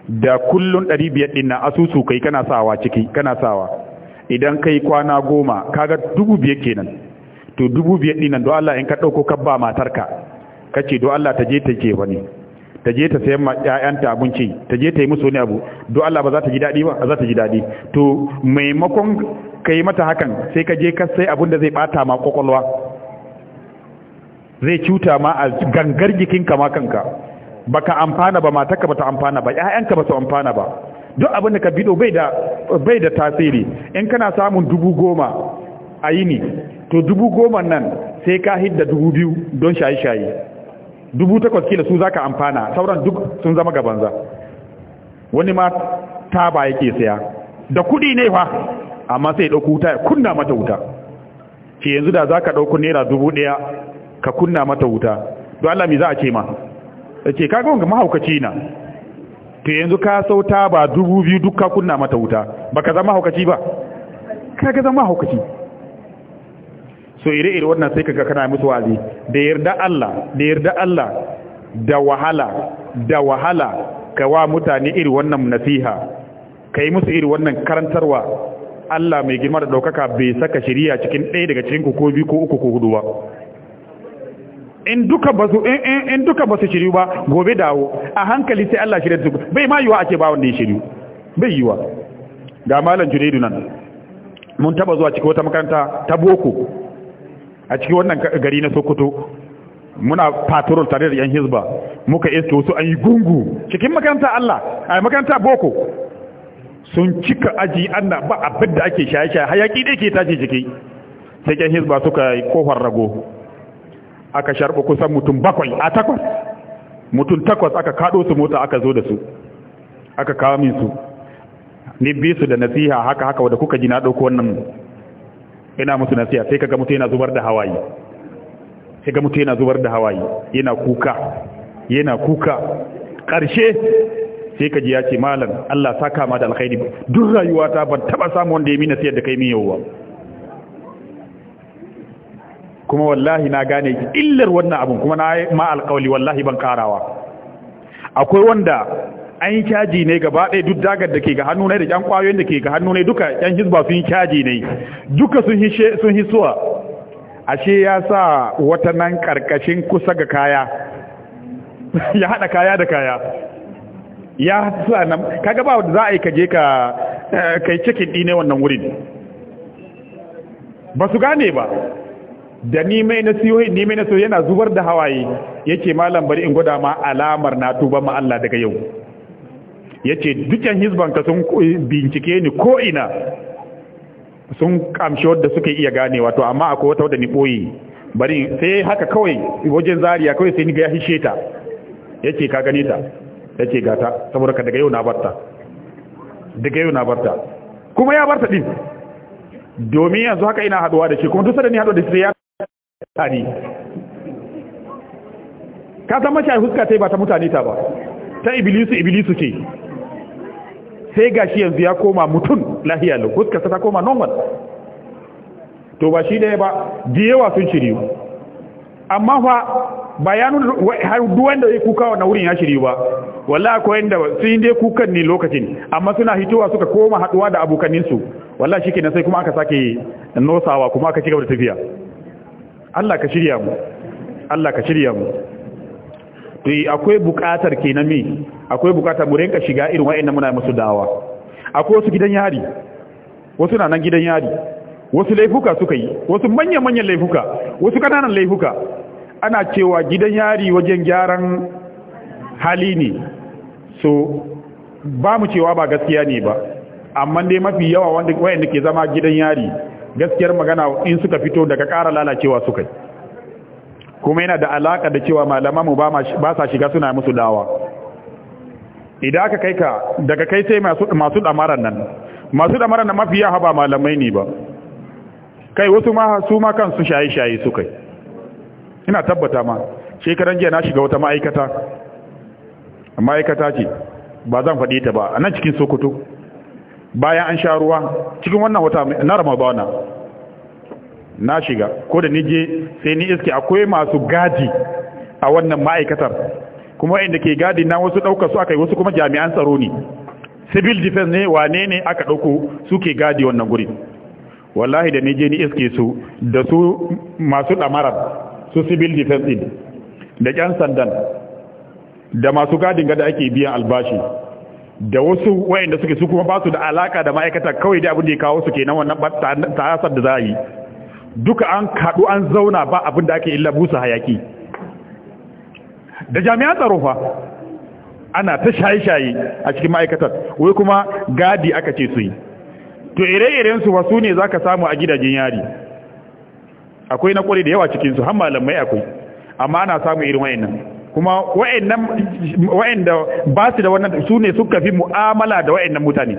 da kullum 500 ɗin nan asusu kai kana sawa ciki kana sawa idan kai kwana goma kaga dubu biyar kenan to dubu biyar dinan don Allah in ka ɗauko ka ba matarka kace don Allah ta je ta je wani ta je ta sayan ƴaƴanta abinci ta je ta yi musu wani abu don Allah ba za ta ji daɗi ba za ta ji daɗi to maimakon ka yi mata hakan sai ka je ka sai abin da zai ɓata ma kwakwalwa zai cuta ma a gangar jikinka ma kanka baka amfana ba matarka ba ta amfana ba ƴaƴanka ba su amfana ba duk abin da ka bido bai da tasiri in kana samun dubu goma a yini to dubu goma nan sai ka hidda dubu biyu don shayi-shayi dubu takwas kila su za ka amfana sauran duk sun zama gabanza wani ma taba yake saya da kudi ne fa amma sai ɗauko wuta ya kunna mata wuta ke yanzu da za ka ɗauko naira dubu ɗaya ka kunna mata wuta don allami za a ce ma ce kagon ga mahaukaci na to yanzu ka sauta ba dubu biyu duk kunna mata wuta ba ka zama haukaci ba ka ga zama haukaci so ire-ire wannan sai kaga kana musu wazi da yarda Allah da yarda Allah da wahala da wahala ka wa mutane iri wannan nasiha ka yi musu iri wannan karantarwa Allah mai girma da ɗaukaka bai saka shiriya cikin ɗaya daga cikin ku ko biyu ko uku ko hudu ba in duka ba su in duka ba su shiryu ba gobe dawo a hankali sai Allah shirya duk bai ma yiwa ake ba wanda ya shiryu bai yiwa ga malam Junaidu nan mun taba zuwa cikin wata makaranta ta boko a cikin wannan gari na Sokoto muna patrol tare da yan hizba muka iske wasu an yi gungu cikin makaranta Allah a makaranta boko sun cika aji anna ba abin da ake shaye-shaye hayaki da ke tashi ciki sai yan hizba suka kofar rago aka sharɓa kusan mutum bakwai a takwas mutum takwas aka kaɗo su mota aka zo da su aka kawo min su ni bi su da nasiha haka haka wadda kuka ji na ɗauko wannan ina musu nasiha sai kaga mutum yana zubar da hawaye sai ga mutum yana zubar da hawaye yana kuka yana kuka ƙarshe sai ka ji ya ce malam Allah saka ma da alkhairi duk rayuwata ban taɓa samu wanda ya mina sayar da kai min yau ba kuma wallahi na gane illar wannan abun kuma na ma alkawali wallahi ban karawa akwai wanda an yi caji ne gaba ɗaya duk dagar da ke ga hannu ne da ƴan ƙwayoyin da ke ga hannu ne duka ƴan hisba sun yi caji ne duka sun hishe sun hisuwa ashe ya sa wata nan karkashin kusa ga kaya *laughs* ya hada kaya da kaya ya sa nan kaga ba za a yi kaje ka eh, kai cikin ɗi ne wannan wurin ba su gane ba da ni mai nasihohi ni mai nasihohi yana zubar da hawaye yake malam bari in gwada ma alamar na tuba ma Allah daga yau yace dukkan hizban ka sun bincike ni ko ina sun kamshi wadda suka iya gane wato amma akwai wata wadda ni boye bari sai haka kawai wajen zariya kawai sai ni ga hishe ta yace ka gane ta yace ta saboda ka daga yau na barta daga yau na barta kuma ya barta din domin yanzu haka ina haduwa da shi kuma duk sanda ni haduwa da shi ya tari ka san a huska ta ba ta mutane ta ba ta ibilisu-ibilisu ce sai gashi yanzu ya koma mutum lahiya lo huska ta koma normal to ba shi ba diyewa sun shiryu amma fa bayanin har da ya kuka wa wurin ya shiryu ba walla akwai inda sun yi dai kukan ne lokacin amma suna hitowa suka koma haduwa da abokaninsu wala shi kenan sai kuma aka sake nosawa kuma aka ci da tafiya Allah ka shirya mu Allah ka shirya mu to akwai bukatar kenan me akwai bukatar mu rinka shiga irin wa'annan muna musu dawa akwai wasu gidan yari wasu na nan gidan yari wasu laifuka suka yi wasu manya-manyan laifuka wasu kananan laifuka ana cewa gidan yari wajen gyaran hali ne so ba mu cewa ba gaskiya ne ba amma dai mafi yawa wanda ke zama gidan yari gaskiyar magana in suka fito daga ƙara lalacewa suka yi kuma yana da alaƙa da cewa malamanmu ba sa shiga suna musu dawa idan aka kai ka daga kai sai masu ɗamarar nan masu ɗamarar nan mafi yaha ba malamai ne ba kai wasu ma su ma kansu shaye-shaye suka yi ina tabbata ma shekaran jiya na shiga wata ma'aikata ma'aikata ce ba zan faɗi ta ba a nan cikin sokoto bayan an sha ruwa cikin wannan wata na ramadana na shiga ko da nije sai ni iske akwai masu gadi a wannan ma'aikatar kuma inda ke gadi na wasu ɗauka su aka yi wasu kuma jami'an tsaro ne civil defense ne wane ne aka ɗauko suke gadi wannan guri wallahi da nije ni iske su da su masu ɗamarar su civil defense ɗin da ƴan sandan da masu gadin gada ake biyan albashi da wasu wayanda suke su kuma ba su da alaka da ma'aikata kawai da abin da ya kawo su kenan wannan tarasar da za a yi duka an kaɗu an zauna ba abin da ake illa busa hayaki da jami'an tsaro fa ana ta shaye-shaye a cikin ma'aikatar wai kuma gadi aka ce su yi to ire iren su wasu ne za ka samu a gidajen yari akwai na kwari da yawa cikinsu har malamai akwai amma ana samun irin wayannan kuma wa'anda ba su da wannan su ne suka fi mu'amala da wa'annan mutane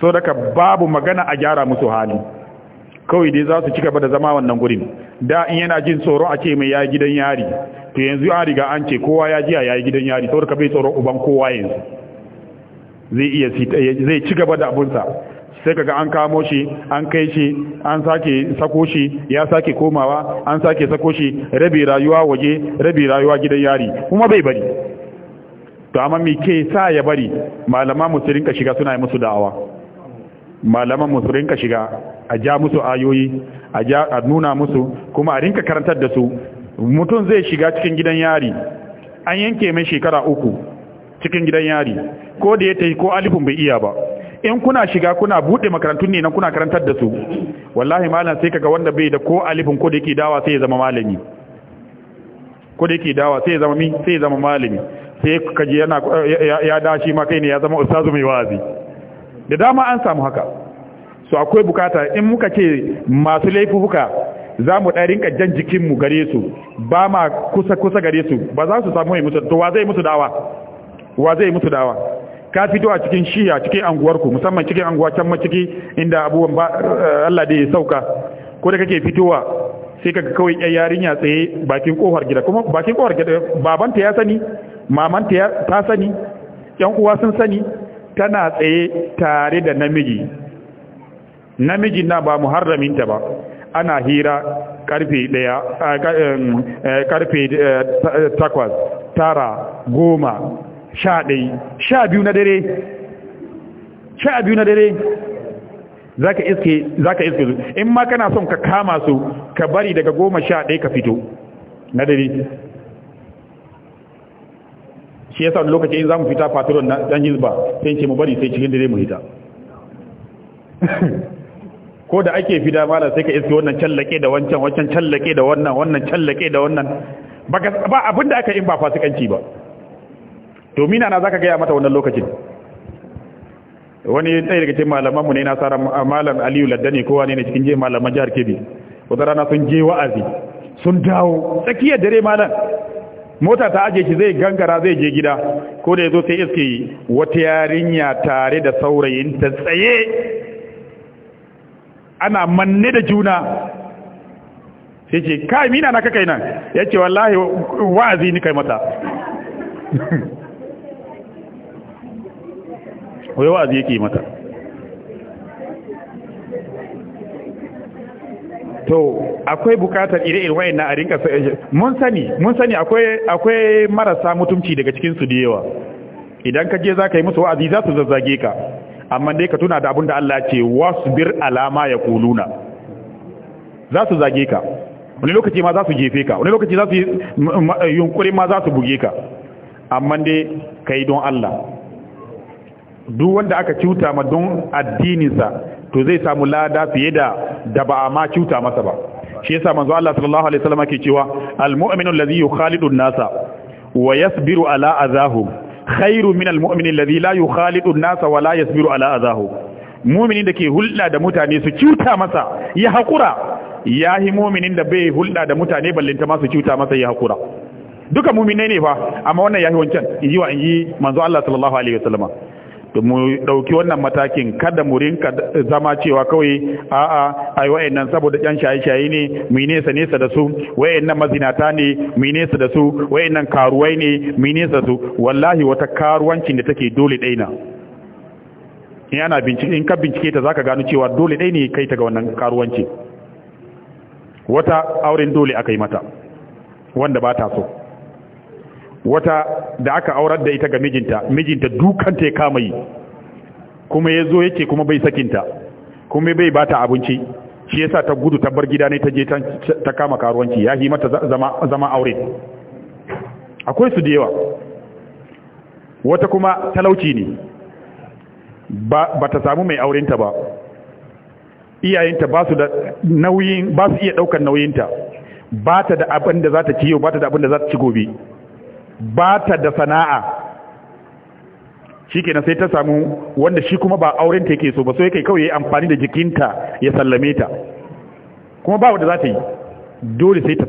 so daga babu magana a gyara musu hali kawai dai za su ci gaba da zama wannan gurin da in yana jin tsoro a ce mai ya gidan yari to yanzu an riga an ce kowa ya jiya ya yi gidan yari saurin ka bai tsoro uban kowa yanzu zai iya zai ci gaba da abunsa sai kaga an kamo shi an kai shi an sake sako shi ya sake komawa an sake sako shi rabi rayuwa waje rabi rayuwa gidan yari kuma bai bari to amma me ke sa ya bari malaman musulun ka shiga suna yi musu da'awa malaman musulun ka shiga a ja musu ayoyi a ja a nuna musu kuma a rinka karantar da su mutum zai shiga cikin gidan yari an yanke mai shekara uku cikin gidan yari ko da ya tafi ko alifin bai iya ba in kuna shiga kuna bude makarantun ne nan kuna karantar da su wallahi malam sai kaga wanda bai da ko alifin ko da yake dawa sai ya zama malami ko da yake dawa sai ya zama mi sai ya zama malami sai ji yana ya dashi ma kai ne ya zama ustazu mai wazi da dama an samu haka so akwai bukata in muka ce masu laifuka za mu ɗari rinka jan jikinmu gare su ba ma kusa-kusa gare su ba za su samu yi musu to wa zai musu dawa wa zai musu dawa ka fito a cikin shiya cikin anguwarku musamman cikin anguwa can maciki inda abubuwan eh, Allah da ya sauka ko da kake fitowa sai kaga kawai yan yarinya tsaye bakin kofar gida kuma bakin kofar gida babanta ya sani mamanta ta sani yan uwa sun sani tana tsaye tare da namiji namijin na ba ta ba ana hira karfe daya eh, eh, karfe takwas tara goma sha ɗai sha biyu na dare sha biyu na dare za ka iske su in ma kana son ka kama su ka bari daga goma sha ɗai ka fito na dare shi yasa lokaci in za mu fita faturon na ɗan hizba sai ce mu bari sai cikin dare mu hita *laughs* ko da ake fida mala sai ka iske wannan callake da wancan wancan callake da wannan wannan callake da wannan ba abinda aka in ba fasikanci ba to mina na zaka gaya mata wannan lokacin wani ɗaya daga cikin malaman mu ne na sara malam Aliyu Laddani ko wani ne cikin je malaman jihar Kebbi wata rana sun je wa'azi sun dawo tsakiyar dare malam mota ta aje shi zai gangara zai je gida ko da yazo sai iske wata yarinya tare da saurayin ta tsaye ana manne da juna sai ce kai mina na kakai nan yace wallahi wa'azi ni kai mata *laughs* wai wa'azi yake mata to akwai bukatar ire-iren wayanna a rinka mun sani mun sani akwai akwai marasa mutumci daga cikin su da yawa idan ka je zaka yi musu wa'azi za su zazzage ka amma dai ka tuna da abin da Allah ce wasbir alama ya kuluna za su zage ka wani lokaci ma za su jefe ka wani lokaci za su yunkuri ma za su buge ka amma dai kai don Allah duk wanda aka cuta ma don addininsa to zai samu lada fiye da da ba a ma cuta masa ba shi yasa manzo Allah sallallahu alaihi wasallam ke cewa almu'minu alladhi yukhalidu an-nasa wa yasbiru ala adahum khairu min almu'min alladhi la yukhalidu an-nasa wa la yasbiru ala adahum mu'minin da ke hulɗa da mutane su cuta masa ya hakura yahi mu'minin da bai hulɗa da mutane ballinta ma su cuta masa ya hakura duka mu'mine ne fa amma wannan yahi wancan yi wa in yi manzo Allah sallallahu alaihi wasallam mu dauki wannan matakin kada mu rinka zama cewa kawai a'a ai wayennan saboda yan shaye-shaye ne mu nesa nesa da su wayennan mazinata ne mu nesa da su wayennan karuwai ne mu nesa su wallahi wata karuwancin da take dole daina in ana bincike in ka bincike ta zaka gano cewa dole dai ne kai ta ga wannan karuwanci wata auren dole aka yi mata wanda ba ta so wata da aka aurar da ita ga mijinta mijinta dukanta ya kama yi kuma ya zo yake kuma bai sakinta kuma bai bata abinci shi yasa ta gudu ta bar gida ne ta je ta kama karuwanci ya yi mata zama aure akwai su da yawa wata kuma talauci ne ba ta samu mai aurenta ba iyayenta ba su da nauyin ba su iya daukar nauyinta ba ta da abin da za ta ciyo ba ta da abin da za ta ci gobe ba ta da sana'a shi ke sai ta samu wanda shi kuma ba auren ta yake so ba so yake kawai amfani da jikinta ya sallame ta kuma ba wadda za ta yi dole sai ta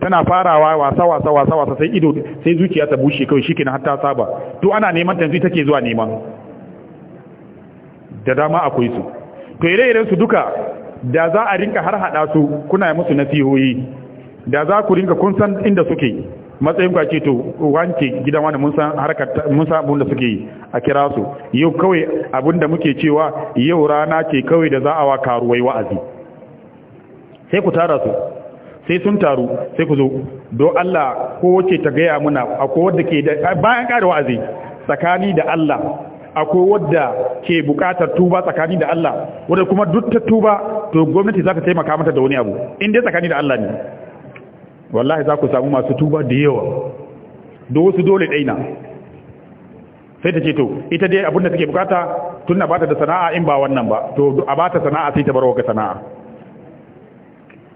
tana farawa wasa wasa wasa wasa sai ido sai zuciya ta bushe kawai shi ke har ta saba to ana neman tanzu take zuwa neman da dama akwai su to ire-iren su duka da za a rinka har hada su kuna musu nasihohi da za ku rinka kun san inda suke matsayin ku ce to wanke gidan wani mun san harkar mun san abin da suke yi a kira su yau kawai abin da muke cewa yau rana ce kawai da za a wa karuwai wa'azi sai ku tara su sai sun taru sai ku zo don Allah ko wace ta gaya muna akwai wadda ke da bayan ƙara wa'azi tsakani da Allah akwai wadda ke bukatar tuba tsakani da Allah wadda kuma duk ta tuba to gwamnati za ta taimaka mata da wani abu in dai tsakani da Allah ne wallahi za ku samu masu tuba da yawa da wasu dole ɗaina sai ta ce to ita dai abinda take bukata tun na bata da sana'a in ba wannan ba to a bata sana'a sai ta bar waka sana'a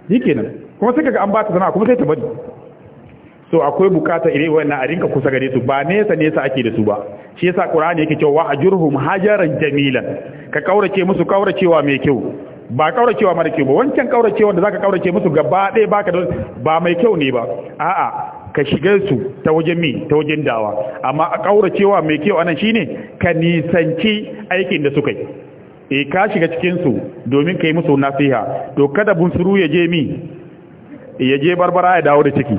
nan kuma sai kaga an bata sana'a kuma sai ta bari so akwai bukata ire wannan a rinka kusa gare su ba nesa nesa ake da su ba shi yasa qur'ani yake cewa wahjurhum hajaran jamilan ka kaurace musu wa mai kyau ba kauracewa mara kyau ba wancan kauracewa da zaka kaurace musu gaba ɗaya baka ba mai kyau ne ba a'a ka shigar su ta wajen mi ta wajen dawa amma a kauracewa mai kyau anan shine ka nisanci aikin da suka yi e ka shiga cikinsu domin ka yi musu nasiha to kada bunsuru ya je mi ya je barbara ya dawo da ciki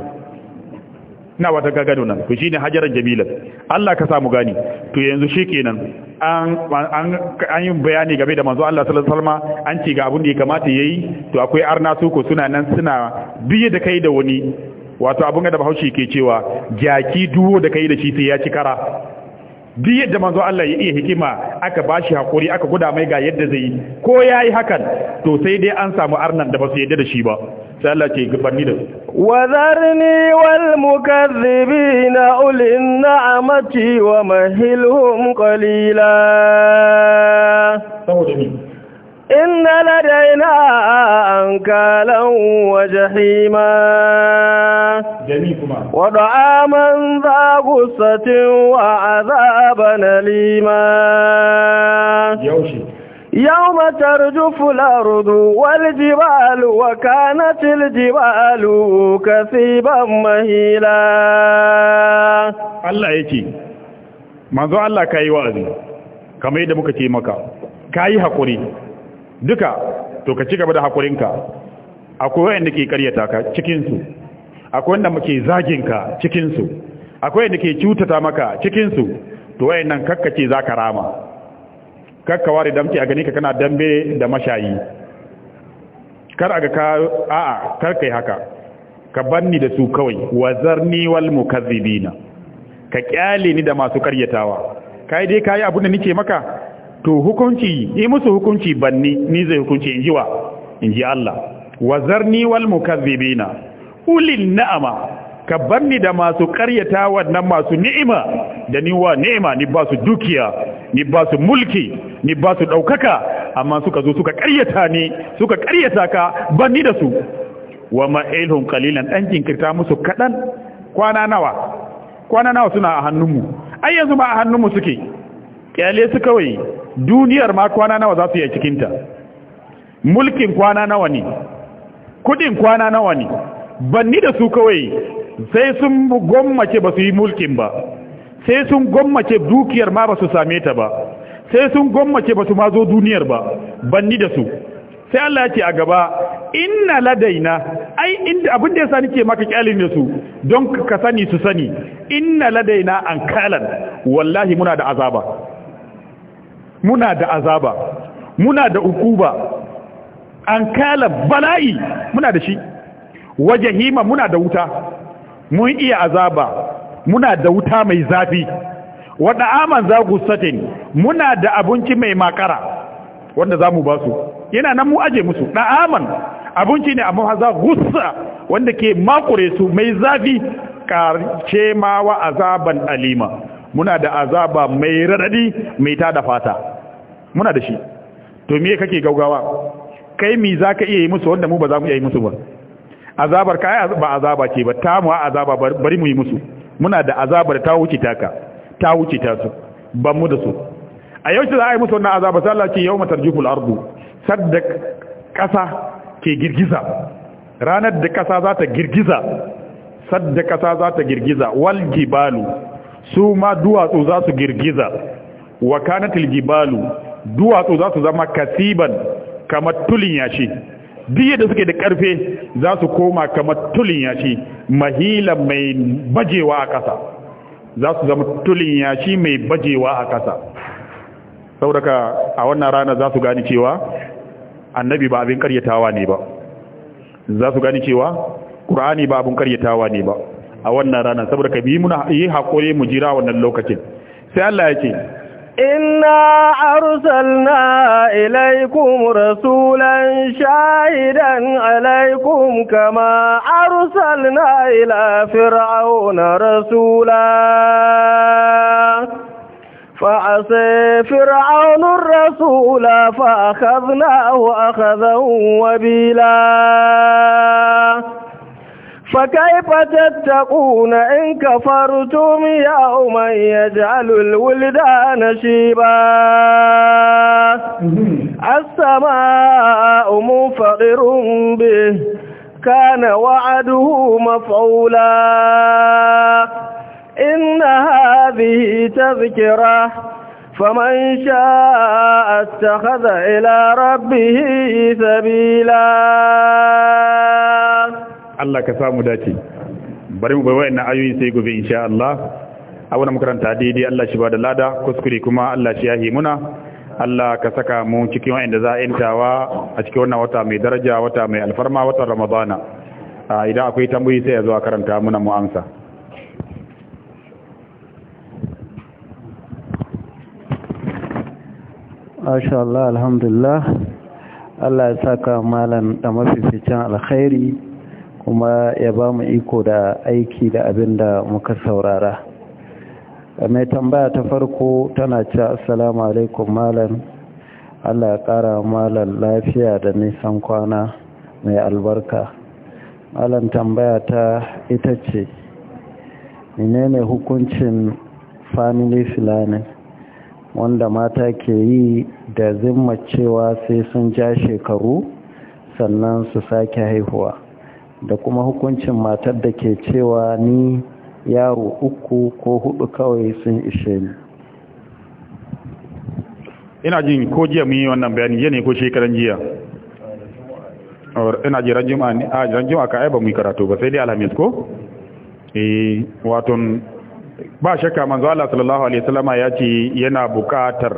Ina wata gagado nan to shine hajaran jamilat Allah ka samu gani to yanzu shikenan an an an yi bayani game da manzo Allah sallallahu alaihi wasallam an ci ga abin da ya kamata yayi to akwai arna su ko suna nan suna biye da kai da wani wato abin da Bahaushe ke cewa jaki duwo da kai da shi sai ya ci kara duk yadda manzo Allah ya iya hikima aka bashi hakuri aka guda mai ga yadda zai ko yayi hakan to sai dai an samu arnan da ba su yadda da shi ba sai Allah ce gabanni da wazarni wal المكذبين أولي النعمة ومهلهم قليلا إن لدينا أنكالا وجحيما وطعاما ذا غصة وعذابا أليما يوم ترجف الأرض والجبال وكانت الجبال كثيبا مهيلا الله يتي manzo Allah kai wa'azi kamar yadda muka ce maka kai hakuri duka to ka ci da hakurinka akwai ke karyata ka cikin su akwai wanda muke zagin ka cikin su akwai wanda ke cutata maka cikin su to wayannan kakkace zaka rama kakka ware damti a gani ka kana dambe da mashayi kar aga ka a'a kar kai haka ka banni da su kawai wazarni wal mukazzibina ka kyale ni da masu karyatawa kai dai kai abun da nake maka to hukunci yi musu hukunci banni ni zai hukunci inji wa inji Allah wazarni wal mukazzibina ulil na'ama ka banni da masu karyata wannan masu ni'ima da ni wa ni'ima ni ba su dukiya ni ba su mulki ni ba su daukaka amma suka zo suka karyata ni suka karyata ka banni da su wa ma'ilhum qalilan dan jinkirta musu kadan kwana nawa kwana nawa suna a hannunmu ai yanzu ma a hannunmu suke kyale su kawai duniyar ma kwana nawa za su yi cikin ta mulkin kwana nawa ne kudin kwana nawa ne banni da su kawai sai sun gwammace ba su yi mulkin ba sai sun gwammace dukiyar ma ba su same ta ba sai sun gwammace ba su ma zo duniyar ba banni da su sai Allah ya ce a gaba inna ladaina ai inda abin da ya sani ke maka kyalin da su don ka sani su sani inna ladaina an kalan wallahi muna da azaba muna da azaba muna da ukuba an kala bala'i muna da shi wajahima muna da wuta mun iya azaba muna da wuta mai zafi wadda aman za ku satin muna da abinci mai makara wanda za mu ba su yana nan mu aje musu na aman abinci ne amma za gusa wanda ke makure su mai zafi karce ma wa azaban alima muna da azaba mai raɗaɗi mai ta fata muna da shi to me kake gaugawa kai mi za ka iya yi musu wanda mu ba za mu iya yi musu ba azabar kai ba azaba ce ba ta mu azaba bari mu yi musu muna da azabar ta wuce ka ta wuce ta su ban mu da su a yau ce za a yi musu wannan azaba sai Allah ce yawma tarjuful ardu sadda kasa ke girgiza ranar da kasa za ta girgiza sadda kasa za ta girgiza wal jibalu su ma duwatsu za su girgiza wa kanatil jibalu duwatsu za su zama kasiban kamar tulin yashi biye da suke da karfe za su koma kamar tulin yashi mahila mai bajewa a ƙasa za su zama tulin yashi mai bajewa a ƙasa sauraka a wannan rana za su gani cewa annabi ba abin karyatawa ne ba za su gani cewa ƙura'ani ba abin karyatawa ne ba a wannan rana saboda ka bi muna yi haƙori mu jira wannan lokacin sai Allah ya ce إنا أرسلنا إليكم رسولا شاهدا عليكم كما أرسلنا إلى فرعون رسولا فعصي فرعون الرسول فأخذناه أخذا وبيلا فكيف تتقون إن كفرتم يوما يجعل الولدان شيبا السماء منفطر به كان وعده مفعولا إن هذه تذكرة فمن شاء اتخذ إلى ربه سبيلا Allah ka samu dace bari mu bai wa'annan ayoyi sai gobe insha Allah a wani makaranta daidai Allah shi bada da lada kuskure kuma Allah shi yahi muna Allah ka saka mu cikin wa'anda za a yantawa a cikin wannan wata mai daraja wata mai alfarma wata Ramadana idan akwai tambayi sai ya zo a karanta muna mu amsa Masha Allah, alhamdulillah, Allah ya saka malam da mafificin alkhairi kuma ya ba mu iko da aiki da abin da muka saurara mai tambaya ta farko tana ce assalamu alaikum malam allah ya kara malam lafiya da nisan kwana mai albarka malam tambaya ta ita ce menene hukuncin family planning wanda mata ke yi da zimma sai sun ja shekaru sannan su sake haihuwa da kuma hukuncin matar da ke cewa ni yaro uku ko hudu kawai sun ishe ni ina jin ko jiya mun yi wannan bayani ne ko shekaran jiya ina ji ran jima ne a ran ka aiba mun mu yi karatu ba sai dai alhamis ko eh ba shakka manzo Allah sallallahu alaihi wasallama ya ce yana bukatar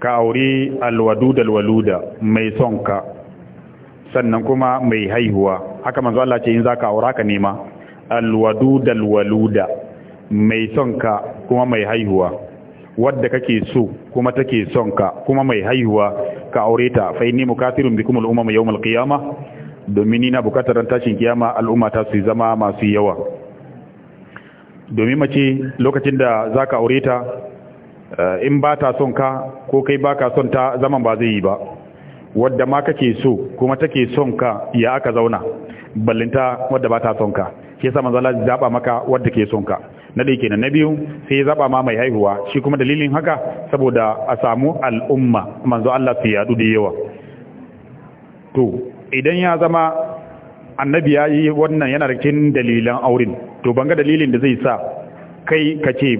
ka aure alwadud alwaluda mai son ka sannan kuma mai haihuwa haka manzo Allah ce in zaka aura ka nema alwadud alwaluda mai sonka kuma mai haihuwa wadda kake so kuma take sonka ka kuma mai haihuwa ka aure ta fa inni mukathirun bikum al umam yawm al qiyamah domin ina bukatar ran tashin kiyama al'umma ta su zama masu yawa domin mace lokacin da zaka aure ta eh, in ba ta son ka ko kai ba ka son ta zaman ba zai yi ba wadda ma kake so kuma take son ka ya aka zauna ballinta wadda ba ta son ka shi yasa manzo Allah zaba maka wadda ke son ka na dai kenan na biyu sai ya zaba ma mai haihuwa shi kuma dalilin haka saboda a samu al'umma manzo Allah su yadu da yawa to idan ya zama annabi ya yi wannan yana da cikin dalilan auren to banga dalilin da zai sa kai ka ce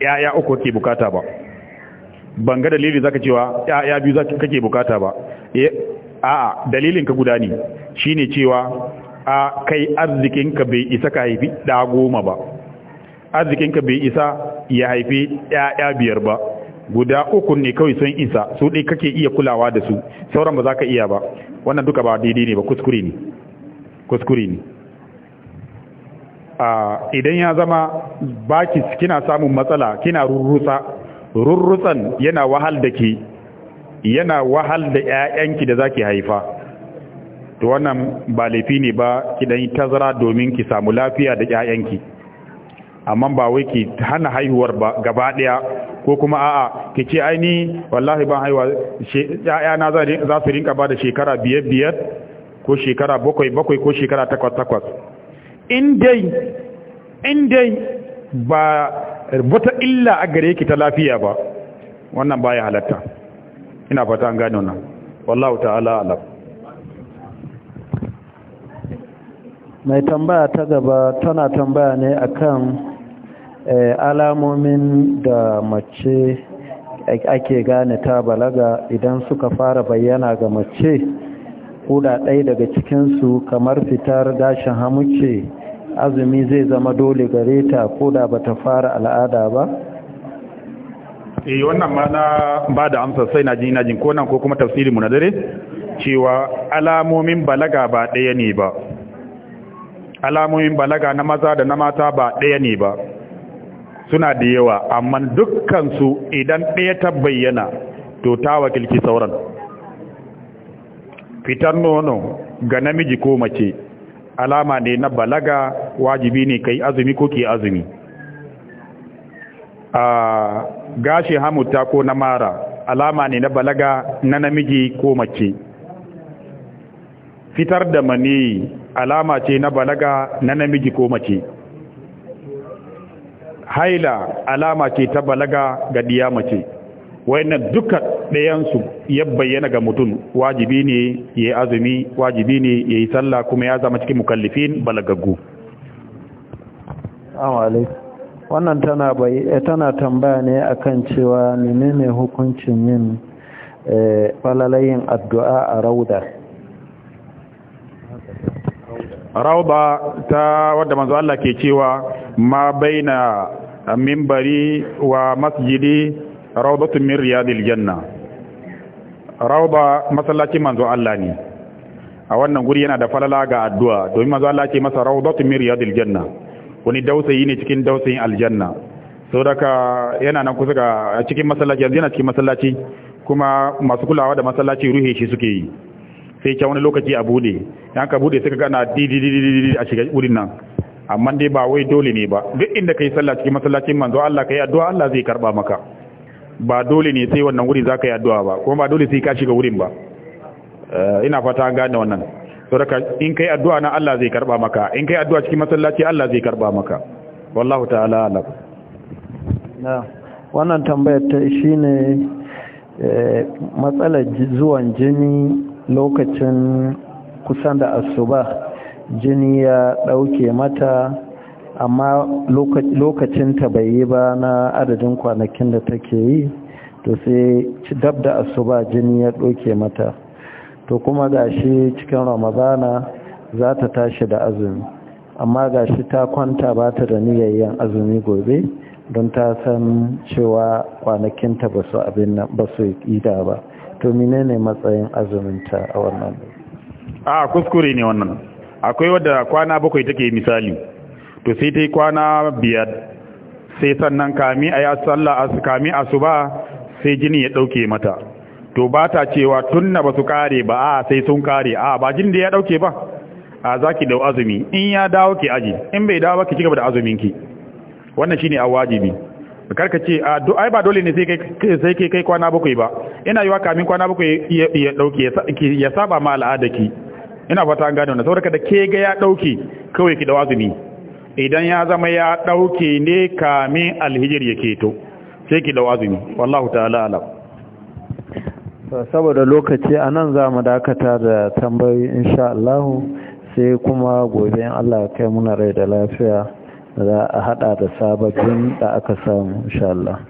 ya'ya uku ke bukata ba banga dalilin zaka cewa ya'ya biyu zaka kake bukata ba eh, a'a dalilin ka guda ne shine cewa a kai arzikinka bai isa ka haifi ɗa goma ba arzikinka bai isa ya haifi ɗaya biyar ba guda uku ne kawai sun isa su ɗai kake iya kulawa da su sauran ba za ka iya ba wannan duka ba daidai ne ba kuskure ne kuskure ne idan ya zama baki kina samun matsala kina rurrutsa rurrutsan yana wahal da ke yana wahal da 'ya'yanki da zaki haifa to wannan ba laifi ne ba ki dan tazara domin ki samu lafiya da ƴaƴanki amma ba wai ki hana haihuwar ba gaba daya ko kuma a'a ki ce ai ni wallahi ban haihuwa ƴaƴana za su rinka ba da shekara biyar biyar ko shekara bakwai bakwai ko shekara takwas takwas in dai in dai ba wata illa a gare ki ta lafiya ba wannan baya halatta ina fata an gane wannan wallahu ta'ala alam mai tambaya ta gaba tana tambaya ne akan eh, alamomin da mace ake gane ta balaga idan suka fara bayyana ga mace kuda ɗaya daga cikinsu kamar fitar gashin hamuce azumi zai zama dole gare ta koda ba ta fara al'ada ba e wannan ma na ba da amsa sai na ko nan ko kuma tafsirinmu na dare cewa alamomin balaga ba ɗaya ne ba alamomin balaga na maza da na mata ba ɗaya ne ba suna da yawa amma dukkansu idan ɗaya ta bayyana to ta wakilki sauran fitar nono ga namiji ko mace alama ne na balaga wajibi ne kai azumi ko ke azumi a gashi hamuta ko na mara alama ne na balaga na namiji ko mace fitar da mani alama ce na balaga na namiji ko mace haila alama ce ta balaga ga diya mace wayannan duka ɗayansu ya bayyana ga mutum wajibi ne ya yi azumi wajibi ne ya yi sallah kuma ya zama cikin mukallifin balagaggu wannan tana eh, tana tambaya ne akan cewa menene hukuncin yin eh, falalayin addu'a a rauda Ra'uba ta wadda manzo Allah ke cewa ma baina mimbari wa masjidi raudatun min riyadil janna Ra'uba masallacin manzo Allah ne a wannan guri yana da falala ga addu'a domin manzo Allah ke masa raudatun min riyadil janna wani dausayi ne cikin dausayin aljanna saboda yana nan kusa ga cikin masallaci yanzu yana cikin masallaci kuma masu kulawa da masallaci ruhe shi suke yi sai can wani lokaci a bude yan ka bude suka gana dididididi a shiga wurin nan amma dai ba wai dole ne ba duk inda kai sallah cikin masallacin manzo Allah kai addu'a Allah zai karba maka ba dole ne sai wannan wuri zaka yi addu'a ba kuma ba dole sai ka shiga wurin ba eh, ina fata an gane wannan saboda in kai addu'a na Allah zai karba maka in kai addu'a cikin masallaci Allah zai karba maka wallahu ta'ala na wannan tambayar ta shine eh, matsalar zuwan jini lokacin kusan da asuba jini ya ɗauke mata amma lokacin ta bai yi ba na adadin kwanakin da take yi to sai dab da asuba jini ya ɗauke mata to kuma ga shi cikin ramadana za ta tashi da azumi amma ga shi ta kwanta ba ta da niyayyen azumi gobe don ta san cewa kwanakinta ba su ba su yi da ba to menene matsayin azuminta a wannan a kuskure ne wannan akwai wadda kwana bakwai take misali to sai ta yi kwana biyar sai sannan kami a ya tsalla kami a su ba sai jini ya ɗauke mata to ba ta cewa tunna ba su kare ba a sai sun kare a ba jini da ya ɗauke ba a za ki dau azumi in ya dawo ki aji in bai dawo ki cigaba da azuminki wannan shine a wajibi karka ce a ah, ai ba dole ne sai kai kai kwana bakwai ba ina yi wa kamin kwana bakwai ya dauke ya saba ma al'ada ki ina fata an gano na saboda kada ke ga ya dauke kawai ki da wazumi idan ya zama ya dauke ne kamin alhijir ya to sai ki da wazumi wallahu ta'ala ala saboda lokaci a nan za mu dakata da tambayoyi, insha Allah sai kuma gobe in Allah ya kai muna rai da lafiya za a hada da sababbin da aka samu insha Allah